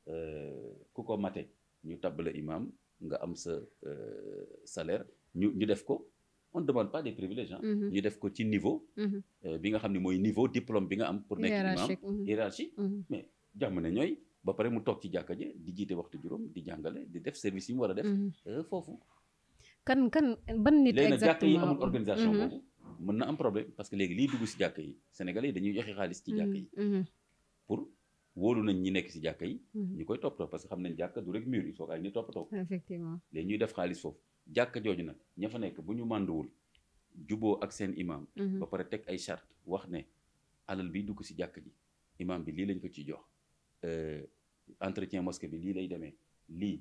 euh, ko mate ñu tabb la imaam nga am sa euh, salaire ñu ñu def ko. on ne demande pas des privilèges mhm. ñu def ko ci niveau. Mhm. Euh, bi nga xam ne mooy niveau diplôme bi nga am. pour nekk imaam hiérarchie mais jàmm na ñooy. ba pare mu toog ci jàkka ji di jiite waxtu juróom di jàngale di def service yi mu war a def. Mm-hmm. Euh, foofu. kan kan ba nit. exactement léegi nag jàkka yi amul organisation mm-hmm. boobu. mën na am problème parce que léegi lii dugg si jàkka yi sénégalais yi dañuy joxe xaalis ci jàkka yi. Mm-hmm. pour wóolu nañ ñi nekk si jàkka yi. ñu koy toppatoo parce que xam nañ jàkka du rek mur il faut que ñuy def xaalis foofu jàkka jooju nag ña fa nekk bu ñu mànduwul juboo ak seen imam. ba pare teg ay charte wax ne alal biy dugg si jàkka ji imam bi lii lañ ko ci jox Euh, entretien mosquée bi lii lay demee lii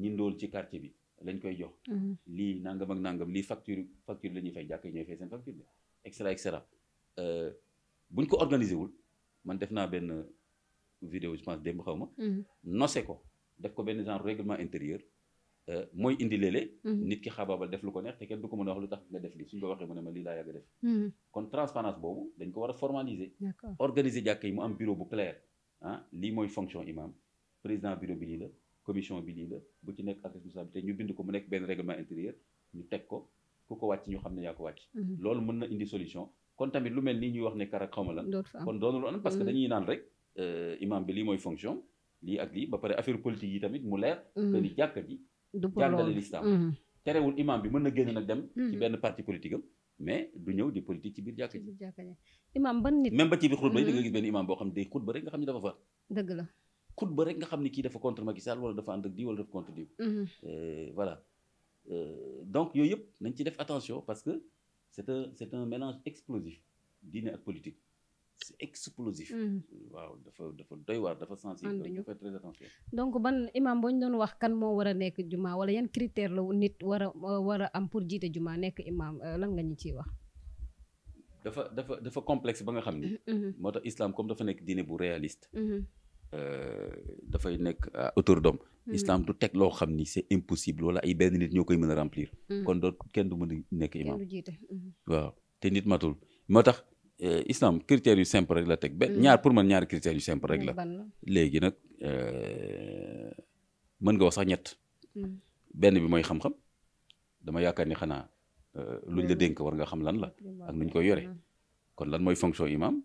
ñi ndóol ci quartier bi lañ koy jox. Mm-hmm. lii nangam ak nangam lii facture facture la ñuy fay jàkk ñooy fay seen facture bi et cetera euh, buñ ko organisé wul man def naa benn vidéo je pense démb xaw ma. Mm-hmm. nose ko def ko benn genre règlement intérieur. Euh, mooy indi léeg-léeg mm-hmm. nit ki xabaabal def lu ko neex te kenn du ko mën a wax lu tax nga def lii suñ ko waxee mu ne ma lii laa yàgg def. kon transparence boobu dañ ko war a formaliser. organiser jàkk yi bu clair. ah lii mooy fonction imam président bureau bi lii la commission bi lii la bu ci nekk ak responsabilité ñu bind ko mu nekk benn règlement intérieur ñu teg ko ku ko wàcc ñu xam ne yaa ko wàcc mhm. loolu mën na indi solution kon tamit lu mel nii ñuy wax ne kara xawma la kon doonul an parce que mhm. dañuy naan rek euh, imam bi lii mooy fonction lii ak lii ba pare affaire politique yi tamit mu leer mhm. que jàkka ji jàngale lislaam terewul imam bi mën na génn nag dem ci benn parti politique mais du ñëw di politique ci biir jàkka ji imam ban nit même ba ci biir xutba yi da nga mm-hmm. gis benn imam boo xam ne day xutba rek nga xam ne dafa far dëgg la xutba rek nga xam ne kii dafa contre Macky Sall dafa ànd ak di wala dafa contre di mm-hmm. euh, voilà euh, donc yooyu yëpp nañ ci def attention parce que c'est un c'est un mélange explosif diine ak politique c' mm. dafa dafa doy waar dafa sensible. dafa très donc ban imam boo ñu doon wax kan moo war a nekk juma wala yan critère la nit war a a am pour jiite juma nekk imam euh, lan nga ñu ciy wax. dafa dafa dafa complexe ba nga xam ni. Mm-hmm. Mm-hmm. moo tax islam comme dafa nekk dine bu réaliste. Mm-hmm. Euh, dafay nekk euh, autour d'homme islam du teg loo xam ni c' est impossible wala ay benn nit ñoo koy mën a remplir. kon doo kenn du mën nekk imam. waaw te nit matul moo tax. Euh, islam critères yu simple rek la teg ba mm. ñaar pour man ñaari critères yu simple rek la mm, léegi nag euh, mën nga wax sax ñett mm. benn bi mooy xam-xam dama yaakaar ni xanaa euh, luñ la dënk war nga xam lan la ak nuñ koy yore kon lan mooy fonction imam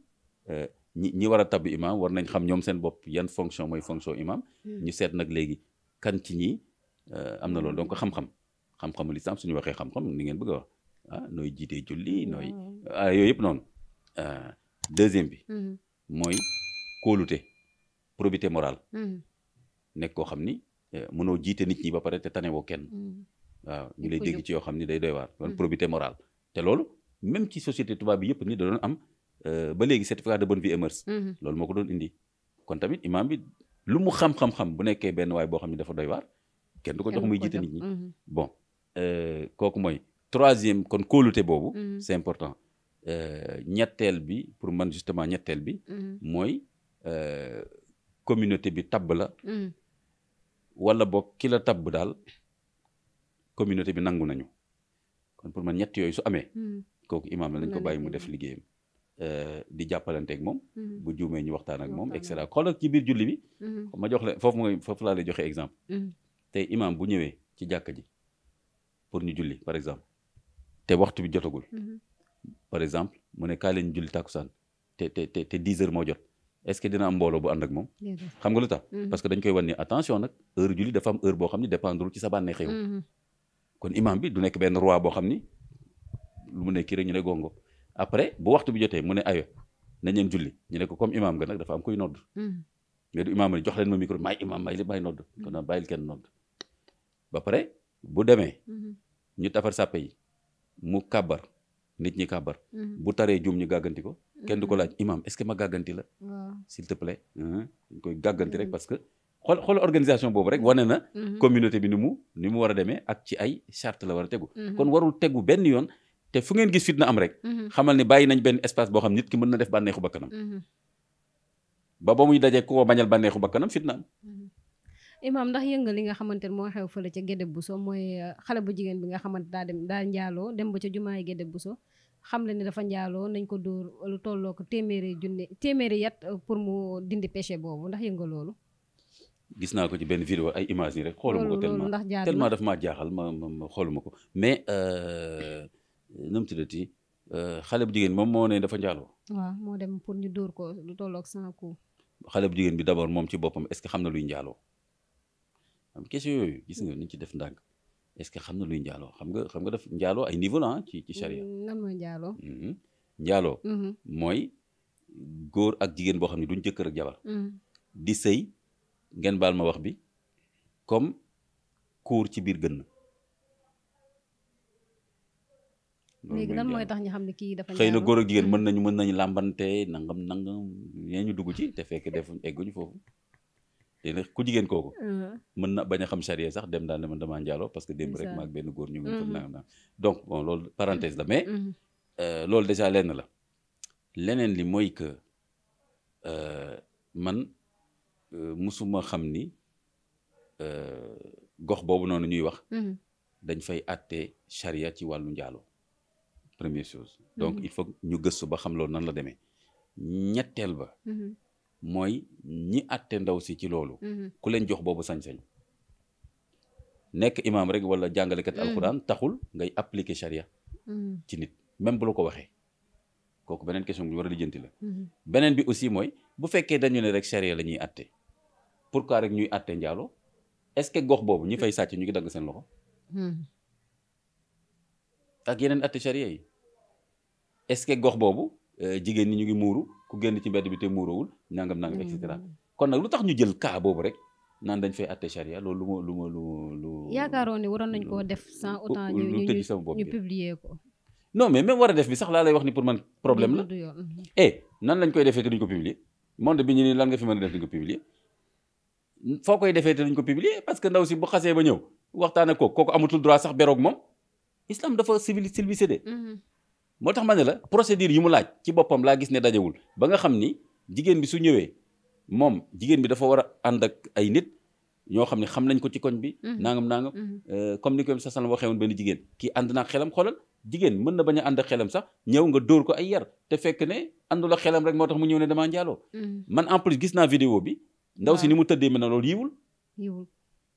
ñi ñi war a tabb imam war nañ xam ñoom seen bopp yan fonction mooy fonction imam ñu seet nag léegi kan ci ñi am na loolu donc xam-xam xam-xamul islam suñu waxee xam-xam ni ngeen bëgg a wax ah nooy jiitee julli nooy ah yooyu yëpp noonu Euh, deuxième bi. Mm-hmm. mooy kóolute probité morale. Mm-hmm. nekk koo xam ni euh, mënoo jiite nit ñi ba pare te tanewoo kenn. Mm-hmm. waaw ñu lay dégg ci yoo xam ni day doy waar. kon probité morale te loolu même ci société tubaab bi yëpp ni da doon am euh, ba léegi certificat de bonne vie et mœurs. loolu moo ko doon indi kon tamit imaam bi lu mu xam-xam-xam bu nekkee benn waay boo xam ni dafa doy waar kenn du ko jox muy jiite nit ñi bon kooku mooy troisième kon kóolute boobu c'est important. Euh, ñetteel bi pour man justement ñetteel bi mhm. mooy euh, communauté bi tabb la mhm. wala boo ki la tabb daal communauté bi nangu nañu kon pour man ñett yooyu su amee mhm. kooku imaam la nañ ko bàyyi mu def liggéeyam euh, di jàppalanteeg moom bu juumee ñu waxtaan ak moom et cetera ki biir julli bi ma jox la foofu mooy foofu laa lay joxe exemple tey imaam bu ñëwee ci jàkka ji pour ñu julli par exemple te waxtu bi jotagul par exemple mu ne kaay leen julli tàkkusaan te te te te dix heures moo jot est-ce que dina am mbooloo bu ànd ak moom xam nga lu tax mm-hmm. parce que dañ koy wan attention nag heure julli dafa am heure boo xam ni dépendrul ci sa bànneex yow mm-hmm. kon imam bi du nekk benn roi boo xam ni mu ne kii ñu ne gongo après bu waxtu bi jotee mu ne ayo nañ leen julli ñu ne ko comme imam nga nag dafa am kuy nodd mm-hmm. mais imam may nodd kon naa bàyyil kenn nodd ba pare bu demee ñu tafar sàppe mu kàbbar nit ñi kàbbar mhm. bu taree juum ñu gàgganti ko kenn du ko mhm. laaj imam est-ce que ma gàgganti la s'il te plaît dañ koy gàgganti rek mhm. parce que xool xool organisation boobu rek wane na communauté bi ni mu ni mu war a demee ak ci ay charte la war a tegu kon warul tegu benn yoon te fu ngeen gis fitna am rek xamal ni bàyyi nañ benn espace boo xam nit ki mën na def bànneexu bakkanam ba ba muy dajee ku ko bañal bànneexu bakkanam fitna am imam ndax yëngal li nga xamante xam le ni dafa njaaloo nañ ko dóor lu tolloo ko téeméeri junne téeméeri yat euh, pour mu dindi péché boobu ndax yënga loolu gis naa ko ci benn vidéo ay image yi rek xooluma ko tellement tellement daf maa jaaxal ma ma xooluma ko mais euh, nu mu tuddati euh, xale bu jigéen moom moo ne dafa njaaloo moo dem pour ñu dóor ko lu tolloog cent xale bu jigéen bi d'abord moom ci boppam est-ce que xam na luy njaaloo am kese yooyu gis nga ni ci def ndànk est-ce que xam na luy njaaloo xam nga xam nga daf njaaloo ay niveau la ah ci ci charia. Mm, lan mooy njaaloo. Mm-hmm. Mm-hmm. mooy góor ak jigéen boo xam ne duñ jëkkër ak jabar. Mm. di sëy ngeen baal ma wax bi comme kuur ci biir gën na. léegi lan mooy tax ñu xam ne kii dafa xëy na góor ak jigéen mm-hmm. mën nañu mën nañu làmbante nangam nangam ñee ñu dugg ci te fekk defuñ egguñu foofu. léeg-léeg ku jigéen kooku. mën na bañ a xam charia sax dem daan ne man damaa njaaloo parce que démb rek maag benn góor ñu ngi. Mhm. na donc bon loolu parenthèse la mais. Mhm. Euh, loolu déjà lenn la leneen li mooy que euh, man euh, musuma xam ni gox boobu noonu ñuy wax. Mhm. dañ fay àtte charia ci wàllu njaaloo première chose. donc il faut ñu gëstu ba xam loolu nan la demee ñetteel ba. mooy ñi àtte ndaw si ci loolu. Mhm. ku leen jox boobu sañ-sañ. nekk imaam rek wala jàngalekat mhm. alxuraan taxul ngay appliquer charia. Mhm. ci nit même bu la ko waxee. kooku beneen question bu ñu war a lijjanti la. beneen bi aussi mooy bu fekkee dañu ne rek charia la ñuy àtte. pourquoi rek ñuy àtte njaalo est-ce que gox boobu ñi fay sàcc ñu ngi dagg seen loxo. ak yeneen àtte charia yi. est-ce que gox boobu. Euh, jigéen ñi ñu ngi muuru ku génn ci mbedd bi te muuroowul nangam nangam et mm. kon nag lu tax ñu jël cas boobu rek naan dañ fay atte charia loolu lu ma lu ma lu yaakaaroon ni waroon nañ koo def sans autant ñu tëj sama bopp ñu publier ko non mais même war a def bi sax laa lay wax ni pour man problème la eh nan lañ koy defee te duñ ko publier monde bi ñu ni lan nga fi mën a def duñ ko publier foo koy defee te duñ ko publier parce que ndaw si bu xasee ba ñëw waxtaan ko kooku amatul droit sax beroog moom islam moo tax ma ne la procédure yi mu laaj ci boppam laa gis ne dajewul ba nga xam ni jigéen bi su ñëwee moom jigéen bi dafa war a ànd ak ay nit ñoo xam ne xam nañ ko ci koñ bi. Mm-hmm. nangam nangam. Mm-hmm. Euh, comme ni ko sa salam waxee woon benn jigéen kii ànd naa xelam xoolal jigéen mën na bañ a ànd ak xelam sax ñëw nga dóor ko ay yar te fekk ne àndul ak xelam rek moo tax mu ñëw ne damaa njaaloo. Mm-hmm. man en plus gis naa vidéo bi. ndaw si ni mu tëddee mel na loolu yiwul. yiwul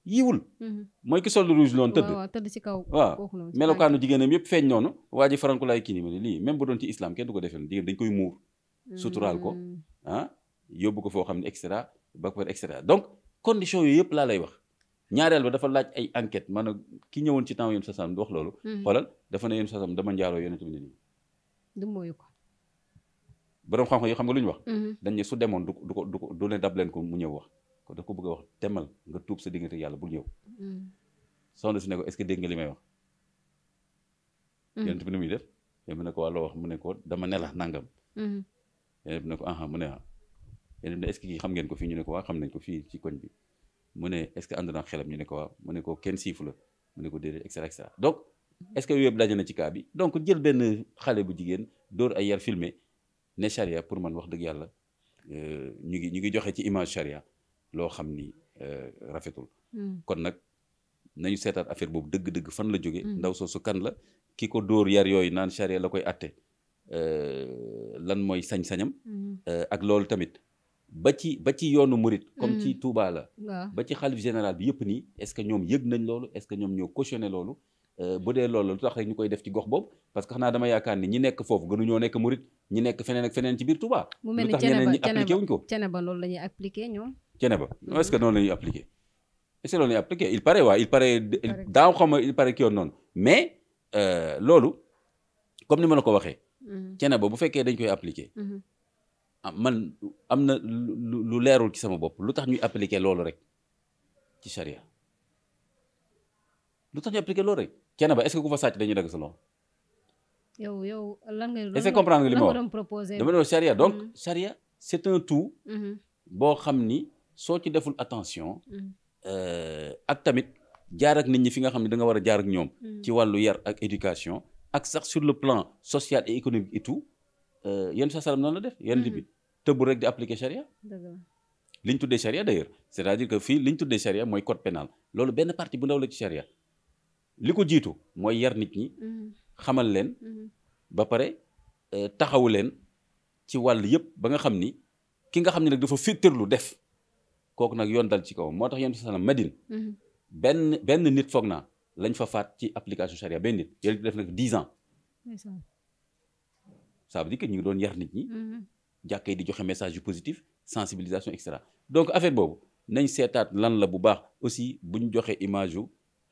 yiwul. Mhm. mooy ki sol rouge loon tëdd. waaw tëdd ci kaw waaw melokaanu jigéenam yëpp feeñ noonu. waa ji faranku laay kii nii ma ne lii même bu doon ci islam kenn du ko defee jigéen mm. ko ah yóbbu ko foo xam ne et cetera ba ko et cetera donc condition yooyu yëpp laa lay wax. ñaareel ay enquête maanaam ki ñëwoon ci temps yéen sasam di wax loolu. Mm-hmm. xoolal dafa ne yéen sasam dama njaaloo yonent bi ne nii. du mooyu ko. borom xam-xam yi xam nga lu wax. Mm-hmm. dañ su demoon du ne dab ko mu ñëw wax. ko daf ko bëgg a wax demal nga tuub sa diggante yàlla bul ñëw. Mm. soxna si ne ko est-ce que dégg nga li may wax. Mm. yonent bi nu muy def yéen mu ne ko waa loo wax mu ne ko dama ne la nangam. Mm-hmm. yonent bi ne ko aha mu ne ah yonent bi ne est-ce que xam ngeen ko fii ñu ne ko waa xam nañ ko fii ci koñ bi mu ne est-ce que ànd naa xelam ñu ne ko waa mu ne ko kenn siifu la mu ne ko déedéet et cetera et cetera donc mm-hmm. est-ce que yooyu yëpp daje na ci cas bi donc jël benn xale bu jigéen dóor ay yar ne charia pour man wax dëgg yàlla euh, ñu ngi ñu ngi joxe ci image loo xam ni euh, rafetul. Hmm. kon nag nañu seetaat affaire boobu dëgg-dëgg fan la jóge hmm. ndaw soosu kan la ki ko dóor yar yooyu naan charia la koy atte euh, lan mooy sañ-sañam. Hmm. Euh, ak loolu tamit ba ci ba ci yoonu murit comme ci Touba la. ba ci xalif général bi yëpp nii est-ce ñoom yëg nañ loolu est ñoom ñoo cautionné loolu. bu dee loolu lu tax rek ñu koy def ci gox boobu parce que xanaa dama yaakaar ni ñi nekk foofu gënuñoo nekk murit ñi nekk feneen ak feneen ci biir Touba. mu mel ni lu tax la ñuy appliqué cene ba non mm-hmm. est-ce que noonu la ñuy appliqué est-ce que loolu la ñuy appliqué il paraît waaw il paraît daaw xam il paraît ki yoon noonu mais euh, loolu comme ni ma la ko waxee cene mm-hmm. bu fekkee dañ koy appliqué mm-hmm. ah, man am na lu leerul ci sama bopp lu tax ñuy appliqué loolu rek ci est-ce que ku fa sàcc dañuy dagg sa loxo yow yow lan nga est-ce que comprendre nga li ma wax dama doon charia donc charia c'est un tout boo xam ni soo ci deful attention mm. euh, ak tamit jaar ak nit ñi fi nga xam ne da nga war a jaar ak ñoom mm. ci wàllu yar ak éducation ak sax sur le plan social et économique et tout euh, yenn sa salam noonu la def yenn bi mm-hmm. tëbbul rek di appliquer charia li ñu tuddee charia d'ailleurs c'est-à-dire que fii li ñu tuddee charia mooy code pénal loolu benn partie bu ndaw la ci charia li ko jiitu mooy yar nit ñi mm-hmm. xamal leen mm-hmm. ba pare euh, taxawu leen ci wàll yëpp ba nga xam ni ki nga xam ne nag dafa féetarlu def kooku nag yoon dal ci kaw moo tax yonent sallam Madine mhm. benn benn nit foog naa lañ fa faat ci application charia benn nit yéen def nag dix ans ça ñu ngi doon yar nit ñi mhm. jàkka di joxe message yu positif sensibilisation et cetera donc affaire boobu nañ seetaat lan la bu baax aussi buñ joxe image yu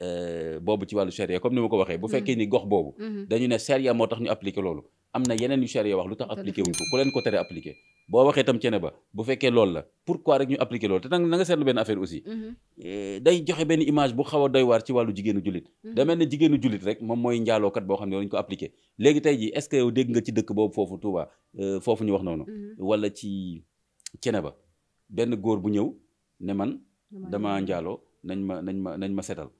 euh, boobu ci wàllu charia comme ni ma ko waxee bu mhm. fekkee ni gox boobu dañu ne charia moo tax ñu appliqué loolu am na yeneen yu charia wax lu tax appliqué wuñ ko ku leen ko tere appliqué boo waxee tam cene ba bu fekkee loolu la pourquoi rek ñu appliqué loolu te nag na nga seetlu benn affaire aussi mm-hmm. eh, day joxe benn image bu xaw a doy waar ci wàllu jigéenu jullit mm-hmm. da mel ne jigéenu jullit rek moom mooy njaalookat boo xam ne dañ ko appliqué léegi tey ji est-ce que yow dégg nga ci dëkk boobu foofu Touba euh, foofu ñu wax noonu mm-hmm. wala ci cene ba benn góor bu ñëw ne man dama njaaloo nañ ma nañ ma nañ ma setal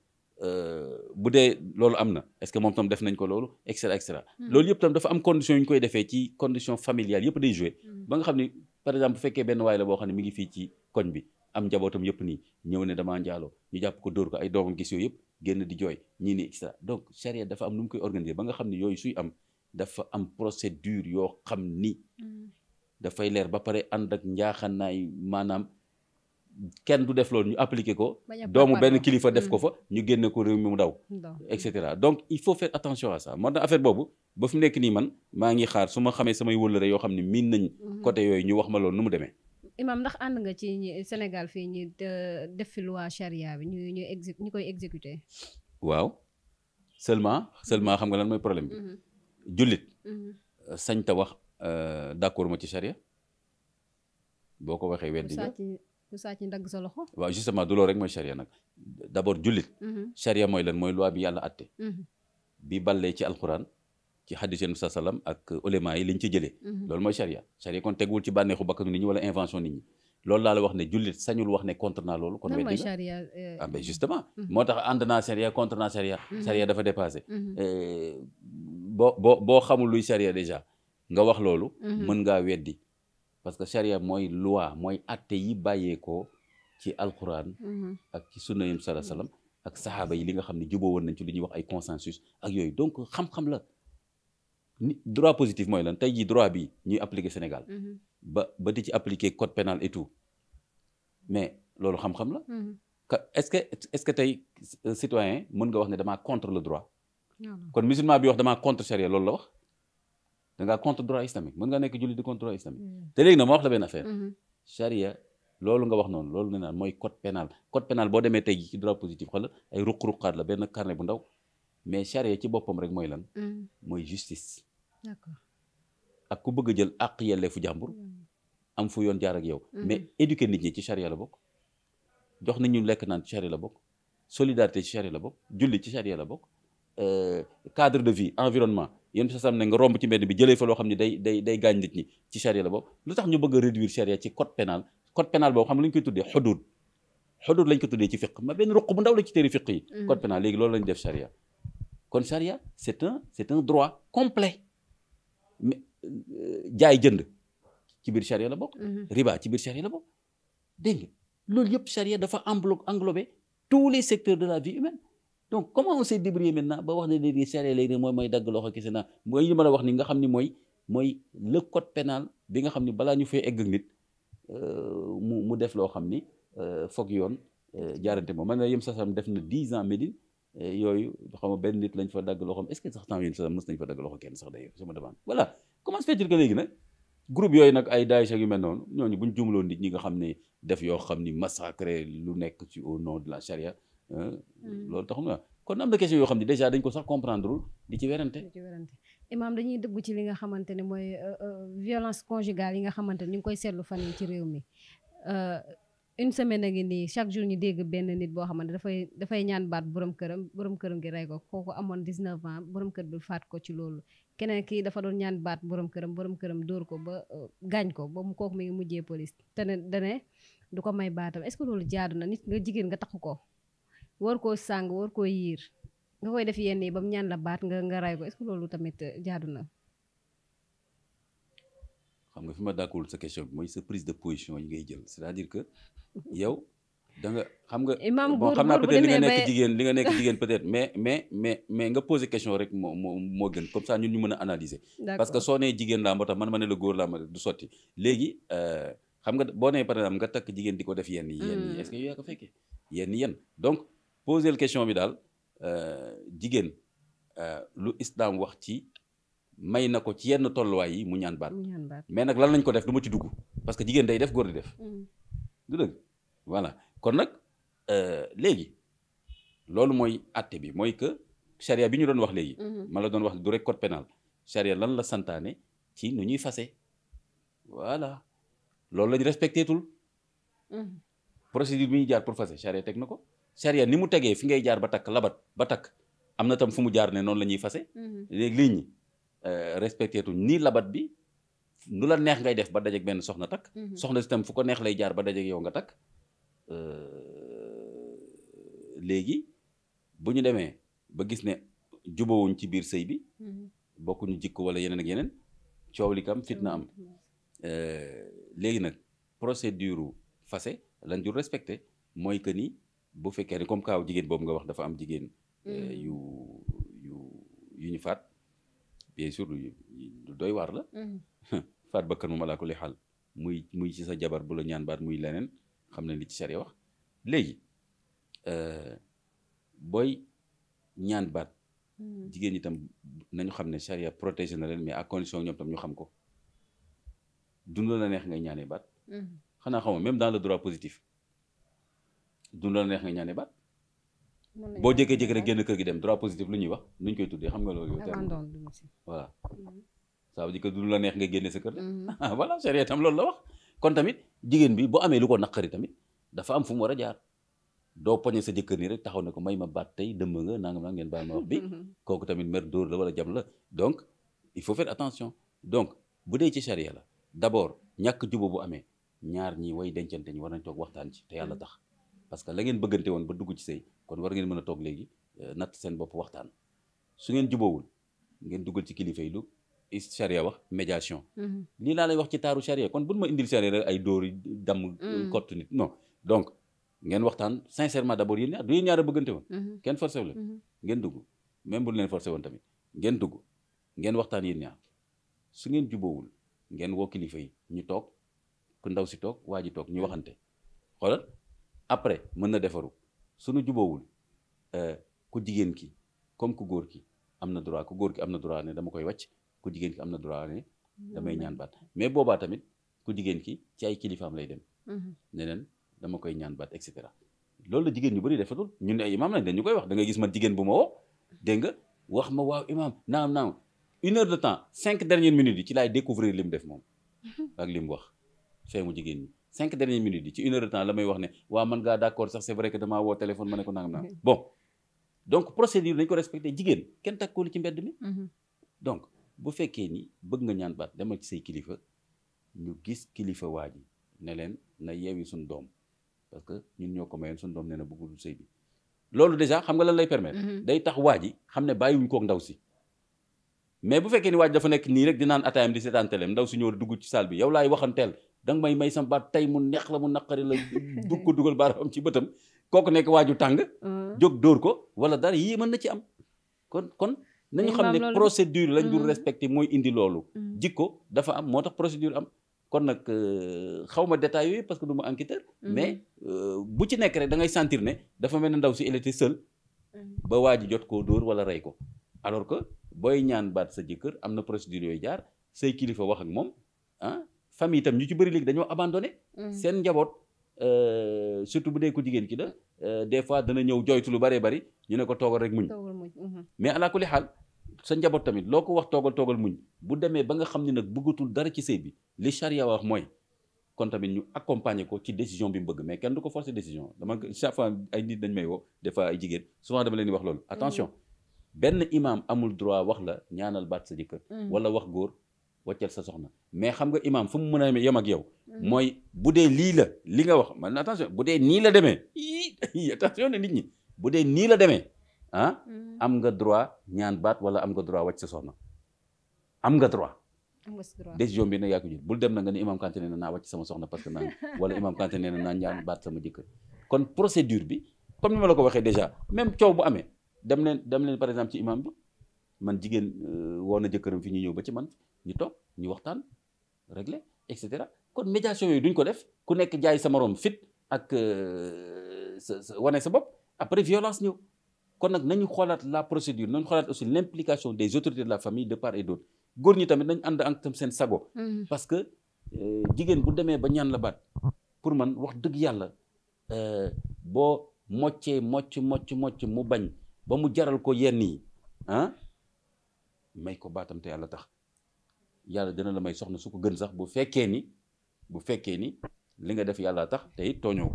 Euh, bu dee loolu am na est-ce que moom tam def nañ ko loolu et cetera et cetera. Hmm. loolu yëpp tam dafa am condition yu ñu koy defee ci condition familiale yëpp day joué. Hmm. ba nga xam ni par exemple bu fekkee benn waay la boo xam ne mi ngi fii ci koñ bi am njabootam yëpp nii ñëw ne damaa njaaloo ñu jàpp ko dóor ko ay doomam gis yooyu yëpp génn di jooy ñii nii et cetera donc charia dafa am nu mu koy organiser ba nga xam ni yooyu suy am dafa am procédure yoo xam ni. Hmm. dafay leer ba pare ànd ak njaaxanaay maanaam. kenn du def loolu ñu appliquer ko doomu benn kilifa def ko fa ñu génn ko réew mi mu daw et cetera donc il faut faire attention à ça moo tax affaire boobu ba fi nekk nii man maa ngi xaar su ma xamee samay wëllëre yoo xam ne mii nañ mhm. côté yooyu ñu wax ma loolu nu mu demee imam ndax ànd nga ci Sénégal fii ñu def fi loi charia bi ñu ñu exé ñu koy exécuter waaw seulement seulement xam nga lan mooy problème bi mhm. jullit mhm. sañ ta wax euh, d'accord ma ci charia boo ko waxee weddi nga ku sàcc ñu dagg sa loxo. waaw justement du loolu rek mooy charia nag d' jullit. Mhm. charia mooy lan mooy loi bi yàlla atte. Mhm. bi ballee ci alquran ci xadis sa salaam ak ulema liñ ci jëlee. Mhm. loolu mooy charia charia kon teguwul ci bànneexu bakkanu nit ñi wala invention nit ñi. loolu laa la wax ne jullit sañul wax ne contre naa loolu. kon weddi nga mooy charia. Euh, ah ben justement. moo tax ànd naa charia contre naa charia. charia dafa dépassé. Euh, boo boo boo xamul luy charia déjà nga parce que charia mooy loi mooy atte yi bàyyeekoo ci alquran. Mm-hmm. ak ci sunna yam sala salaam ak saxaaba yi li nga xam ne juboo woon nañ ci lu ñuy wax ay consensus ak yooyu donc xam-xam la droit positif mooy lan tey jii droit bi ñuy appliquer Sénégal. Mm-hmm. ba ba di ci appliquer code pénal et tout mais loolu xam-xam la. Mm-hmm. est-ce que est-ce que tey euh, citoyen mën nga wax ne dama contre le droit. kon musulman bi wax damaa contre charia loolu la wax. da ngaa contre droit islamique mën nga nekk jullit di contre droit islamique. Mm. te léegi nag ma wax la benn affaire. charia mm-hmm. loolu nga wax noonu loolu nee naan mooy code pénal code pénal boo demee tey jii ci droit positif xoolal ay ruq-ruqaat la benn karne bu ndaw mais charia ci boppam rek mooy lan. Mm. mooy justice. ak ku bëgg jël àq yelleefu jàmbur. Mm. am fu yoon jaar ak yow. Mm-hmm. mais éduquer nit ñi ci charia la bokk. jox nañu lekk naan ci charia la bokk solidarité ci la bokk julli ci la bokk euh, cadre de vie environnement. yéen sa sam ne nga romb ci mbedd bi jëlee fa loo xam ne day day day gaañ nit ñi ci charia la boobu lu tax ñu bëgg a réduire ci code pénal code pénal boobu xam ne lañ koy tuddee xudud xudud lañ ko tuddee ci fiq ma benn ruq bu ndaw la ci téere fiq yi mm. code pénal léegi loolu lañ def charia kon charia c'est un c'est un droit complet euh, jaay jënd ci biir charia la bokk mm-hmm. riba ci biir charia la bokk dégg nga loolu yëpp charia dafa englobe tous les secteurs de la vie donc comment on s'est débrouillé maintenant ba wax ne wax ni nga ni mooy mooy le code bi nga xam ni balaa ñu fee egg nit euh, mu mu def loo xam ni euh, foog yoon euh, jaarante moom man la def na dix ans Médine yooyu xam nga benn nit lañ fa dagg loxoom est-ce que sax temps yéen sasam mës nañ fa dagg loxo kenn sax d'ailleurs je me demande voilà comment se léegi nag groupe yooyu nag ay Daesh ak yu mel noonu ñooñu bu ñu jumloo nit ñi nga xam ne def yoo xam ni massacré lu nekk ci au nom de la charia Hmm. loolu taxul kon am na question yoo xam ne déjà dañ ko sax comprendrewul di ci werante di ci werante imaam dañuy dëgg ci li nga xamante ne mooy euh, euh, violence conjugale yi nga xamante ne ñu ngi koy seetlu fan yi ci réew mi euh, une semaine a ngi nii chaque jour ñu dégg benn nit boo xamante dafay dafay ñaan baat borom këram borom këram gi rey ko kooku amoon 19 ans borom kër bi faat ko ci loolu keneen kii dafa doon ñaan baat borom këram borom këram dóor ko ba gaañ ko ba mu kooku mi ngi mujjee police te ne dane du ko may baatam est-ce que loolu jaadu na nit jigéen nga takk ko war koo sàng war koo yiir nga koy def yenn yi ba mu ñaan la baat nga nga ray ko est loolu tamit euh, jaadu na. xam nga fi ma dàkkul sa question bi mooy sa de position yi ngay jël cest que yow da nga xam nga. imam góor góor xam naa peut li nga nekk jigéen li nga mais mais mais mais nga poser question rek moo moo moo gën comme ça ñun ñu mën a analyser. parce que soo nee jigéen laa moo man ma ne la góor laa ma du sotti léegi euh, xam nga boo ne par exemple nga takk jigéen di ko def yenn yi. yenn yi hmm. est yenn posel question bi daal euh, jigéen euh, lu islam wax ci may na ko ci yenn tolluwaay yi mu ñaan baat mais nag lan lañ ko def du ma ci dugg parce que jigéen day def góor di def mm. du dëgg voilà kon nag euh, léegi loolu mooy àtte bi mooy que charia bi ñu doon wax léegi mm-hmm. ma la doon wax du rek code pénal charia lan la santaane ci nu ñuy fase voilà loolu lañ respecté tul mm-hmm. procédure bi ñuy jaar pour fase charia teg na ko charia ni mu tegee fi ngay jaar ba takk labat ba takk am na tam fu mu jaar ne noonu la ñuy fase mhm. léegi lii ñi euh, respecté tuñ nii labat bi nu la neex ngay def ba dajeek benn soxna takk mhm. soxna si tam fu ko neex lay jaar ba dajeek yow nga takk euh, léegi bu ñu demee ba gis ne jubawuñ ci biir sëy bi mhm. bokkuñu jikko wala yeneen ak yeneen coow li kam fitna am euh, léegi nag procédure fase lan jur respecté mooy que nii bu fekkee ne comme kaaw jigéen boobu nga wax dafa am jigéen euh, mm-hmm. yu yu ñu faat bien sûr lu doy waar la mm-hmm. faat bakkan moom alaa kulli xaal muy muy ci sa jabar bu la ñaan baat muy leneen xam ne li ci sariya wax léegi euh, booy ñaan baat mm-hmm. jigéen ñi tam nañu xam ne charia protégé na leen mais à condition ñoom tam ñu xam ko dund na neex ngay ñaanee baat xanaa xamoo même daal le droit positif du la neex nga ñaane baat boo jékkee-jékkee rek génn kër gi dem droit positif lu ñuy wax nu koy tuddee xam nga loolu abandon voilà mhm. ça veut dire que du la neex nga génne sa kër de mhm. ah, voilà charia tam loolu la wax kon tamit jigéen bi boo amee lu ko naqari tamit dafa am fu mu war a jaar doo poñe sa jëkkër nii rek taxaw ne ko may ma baat tey dëmb nga nangam naa ngeen baal ma wax bi mhm. kooku tamit mer dóor la wala jam la donc il faut faire attention donc bu dee ci charia la d'abord ñàkk jubóo bu amee ñaar ñi way dencante ñi war nañ toog waxtaan ci te yàlla tax parce que la ngeen bëggante woon ba dugg ci sëy kon war ngeen mën a toog léegi euh, natt seen bopp waxtaan su ngeen jubóowul ngeen dugal ci kilifa yi lu charia wax médiation nii mm-hmm. laa lay wax ci taaru charia kon buñ ma indil charia rek ay dóor yi damm mm-hmm. kott nit non donc ngeen waxtaan sincèrement d'abord yéen ñaar du yéen ñaar a bëggante woon mm-hmm. kenn forcé wu leen ngeen dugg même bu leen forcé woon tamit ngeen dugg ngeen waxtaan yéen ñaar su ngeen jubóowul ngeen woo kilifa yi ñu toog ndaw si toog waa ji toog ñu waxante après mën na defaru suñu jubóowul euh, ku jigéen ki comme ku góor ki am na droit ku góor ki am na droit ne dama koy wàcc ku jigéen ki am na droit ne damay ñaan baat mais boobaa tamit ku jigéen ki ci ay kilifaam lay dem mm-hmm. ne leen dama koy ñaan baat et cetera loolu la jigéen ñu bari defatul ñun ay imaam lañ dañu koy wax da gis ma jigéen bu ma woo dégg nga wax ma waaw imaam naa naam une heure de temps cinq dernières minutes yi ci laay découvrir li mu def moom ak li mu wax fee jigéen cinq dernières minutes yi ci une de temps la may wax ne waa man ngaa d' accord sax c' est vrai que woo téléphone ma ne ko nangam naa bon donc procédure dañ ko respecté jigéen kenn takkoolu ci mbedd mi mm-hmm. donc bu fekkee ni bëgg nga ñaan baat demal ci say kilifa ñu gis kilifa waa ji ne leen na yeewi suñ doom parce que ñun ñoo ko mayoon suñ doom nee na bëggul sëy bi loolu déjà xam nga lan lay permettre mm-hmm. day tax waa yi xam ne bàyyiwuñ kook ndaw si mais bu fekkee nii di naan ataayam di seetaan teleem ndaw dugg ci salle bi yow laay waxanteel danga may may sa mbaat tey mu neex la mu naqari la du ko dugal am ci bëtam kooku nekk waaju tàng mm. jóg dóor ko wala dara yii mën na ci am kon kon nañu xam ne procédure lañ dul mm. respecté mooy indi loolu mm. jikko dafa am moo tax procédure am kon nag euh, xaw ma détails yooyu parce que du ma enquêteur mais euh, bu ci nekk rek da ngay sentir ne dafa mel ne ndaw si elle était ba waa ji jot koo dóor wala rey ko alors que booy ñaan baat sa jëkkër am na procédure yooyu jaar say kilifa wax ak moom ah famille itam ñu ci bëri léegi dañoo abandonné. Mm. seen njaboot euh, surtout bu dee ko jigéen ki la euh, des fois dana ñëw joytu lu bëree bëri ñu ne ko toogal rek muñ. Mm-hmm. mais ala kulli xaal sa njaboot tamit loo ko wax toogal toogal muñ bu demee ba nga xam ne nag buggatul dara ci sëy bi li charia wax mooy. kon tamit ñu accompagner ko ci décision bi mu bëgg mais kenn du ko forcer décision dama chaque fois ay nit dañ may woo des fois ay jigéen souvent dama leen di wax loolu. attention mm. benn imam amul droit wax la ñaanal baat sa jëkkër. Mm. wàcceel sa soxna mais xam nga imaam fu mu mën a yem ak yow. mooy bu dee lii la li nga wax man attention bu dee nii la demee ii attention ne nit ñi bu dee nii la demee ah. Mm. am nga droit ñaan baat wala am nga droit wàcc sa soxna am nga droit. décision bi nag yaa ko jël bul dem na nga ne imaam Kanté nee na naa wàcc sama soxna parce que naa wala imaam Kanté nee na naa ñaan baat sama jëkkër kon procédure bi comme ni ma la ko waxee déjà même coow bu amee dem leen dem leen par exemple ci imaam man jigéen euh, woo na jëkkëram fi ñu ñëw ba ci man ñu toog ñu waxtaan réglé et cetera kon médiation yooyu duñ ko def ku nekk jaay sa moroom fit ak euh, sa sa wane sa bopp après violence ñëw kon nag nañu xoolaat la procédure nañu xoolaat aussi l' implication des autorités de la famille de part et d'autre góor ñi tamit nañ ànd ak tam seen sago. Mm-hmm. parce que euh, jigéen bu demee ba ñaan la baat pour man wax dëgg yàlla boo moccee mocc mocc mocc mu bañ ba mu jaral ko yenn yi may ko baatam te yàlla tax yàlla dina la may soxna su ko gën sax bu fekkee nii bu fekkee ni li nga def yàlla tax te it tooñoo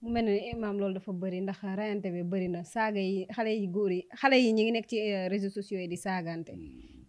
mu mel ni imam loolu dafa bëri ndax rayante bi bëri na saaga yi xale yi góor yi xale yi ñu ngi nekk ci eh, réseaux sociaux yi di saagante. Hmm.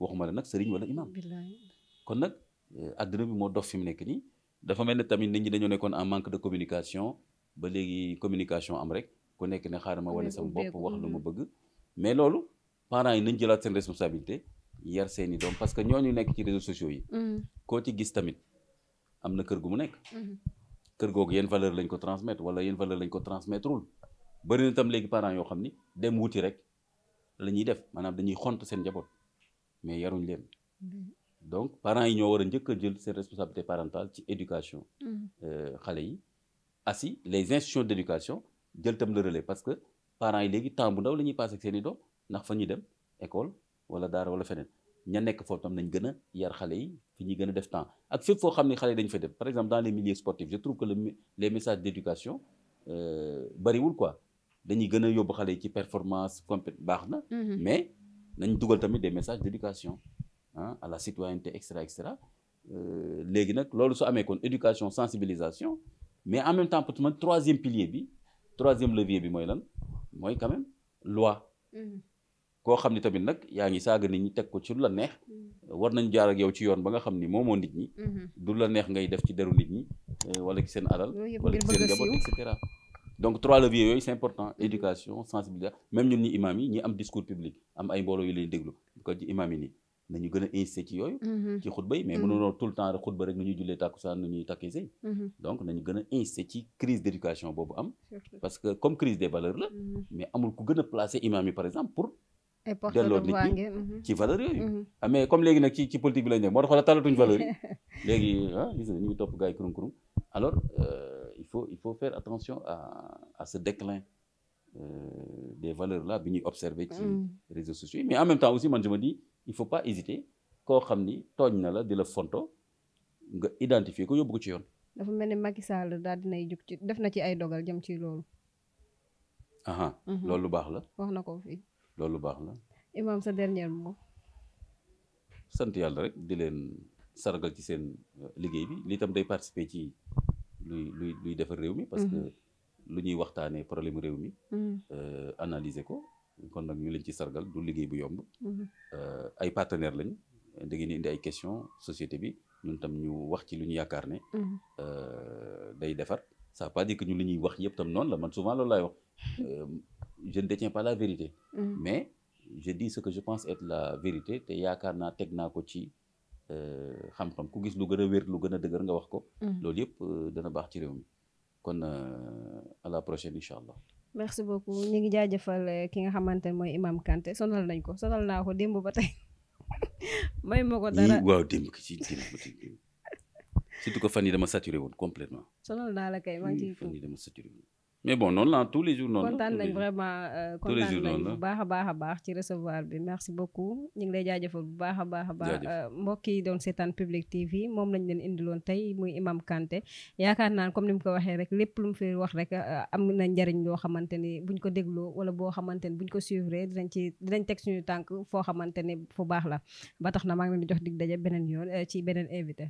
waxuma la nag sëriñ wala imam kon nag àdduna euh, bi moo dof fi mu nekk nii dafa mel ne tamit nit ñi dañoo nekkoon en manque de communication ba léegi communication am rek ku nekk ne xaaral ma wane sama bopp wax lu ma bëgg mm. mais loolu parents yi nañ jëlaat seen responsabilité yar seeni doom parce que ñoo ñu nekk ci réseaux sociaux yi mm. koo ci gis tamit am na kër gu mu nekk mm-hmm. kër googu yenn valeur lañ ko transmettre wala yenn valeur lañ ko transmettrewul bëri na tam léegi parents yoo xam ni dem wuti rek la ñuy def maanaam dañuy xont seen njaboot mais yaruñ leen mm-hmm. donc parents yi ñoo war a njëkk a jël seen responsabilité parentale ci éducation mm-hmm. euh, xale yi assi les institutions d'éducation jël tam le relais parce que parent yi léegi temps bu ndaw la ñuy passé ak seen doom ndax fa ñuy dem école wala daara wala feneen ña nekk foofu tam nañ gën a yar xale yi fi ñuy gën a def temps ak fépp foo xam ne xale yi dañu fa dem par exemple dans les milieux sportifs je trouve que les messages d'éducation euh, bariwul quoi dañuy gën a yóbbu xale yi ci performance compét baax na mm-hmm. nañ dugal tamit de message d'éducation ah à la citoyenneté et cetera et euh, léegi nag loolu su amee kon éducation sensibilisation mais en même temps pour man troisième pilier bi troisième levier bi mooy lan mooy quand même loi. Mm-hmm. koo xam ni tamit nag yaa ngi saaga nit ñi teg ko ci lu la neex. Mm-hmm. war nañ jaar ak yow ci yoon ba nga xam ni moomoo nit ñi. Mm-hmm. du la neex ngay def ci deru nit ñi euh, wala ci seen alal. wala ci seen njaboot et donc trois leviers yooyu c'est important éducation sensibilisation même ñun ñi imam yi ñi am discours public am ay mbooloo yu leen déglu ko ci imam yi nii nañu gën a ci yooyu mm-hmm. ci xutba yi mais mm-hmm. mënuloo tout le temps rek xutba rek nu ñuy jullee tàkkusaan nu ñuy takkee mm-hmm. valeur yi ah, léegi ah, ñu topp gars kurum kurum alors euh, il faut il faut faire attention à à ce déclin euh, des valeur là bi ñuy observer ci mm. réseaux sociaux yi mais en même temps aussi man je me dis il faut pas hésiter koo xam ni tooñ na la di la fonto nga identifier ko yóbbu ko ci yoon. dafa mel ni Macky Sall daal dinay jug ci def na ci ay dogal jëm ci loolu. Mm-hmm. loolu lu baax la. wax na ko fii. loolu lu baax la. Imaam sa dernier mot. sant yàlla rek di leen saragal ci seen euh, liggéey bi lii tam day participer ci. luy luy luy defar réew mi parce que mhm. lu ñuy waxtaanee problème réew mi mhm. euh, analyser ko kon nag ñu leen ci sargal du liggéey bu yomb mhm. euh, ay partenaires lañ da ni indi ay question société bi ñun tam ñu wax ci lu ñu yaakaar ne euh, day defar ça pas dire que ñu li ñuy wax yëpp tam noonu la man souvent loolu laay wax je de détiens pas la vérité mais je dis ce que je pense être la vérité te yaakaar naa teg naa ko ci Euh, xam-xam ku gis lu gën a wér lu gën a dëgër nga wax ko. Mm. loolu yëpp euh, dana baax ci réew mi kon euh, à la prochaine incha allah. merci beaucoup ñu ngi jaajëfal ki nga xamante ne mooy Imam Kanté sonal nañ ko sonal naa ko démb ba tey may ma ko dara waaw démb surtout que fan yi dama saturé woon complètement sonal naa la kay maa ngi fan yi dama saturé woon. mais bon noonu la tous les jours noonu kontaan vraiment euh, kontaan nañ bu baax a baax a baax ci recevoir bi merci beaucoup ñu ngi lay jaajëfal bu baax a baax a baax euh, mbokk yi doon seetaan Public TV moom lañ leen indiloon tey muy Imam Kanté yaakaar naan comme ni mu ko waxee rek lépp lu mu fi wax rek euh, am na njariñ loo xamante ni buñ ko dégloo wala boo xamante ni buñ ko suivre dinañ ci dinañ teg suñu tànk foo xamante ni fu baax la ba tax na maa ngi di jox digg daja beneen yoon ci beneen invité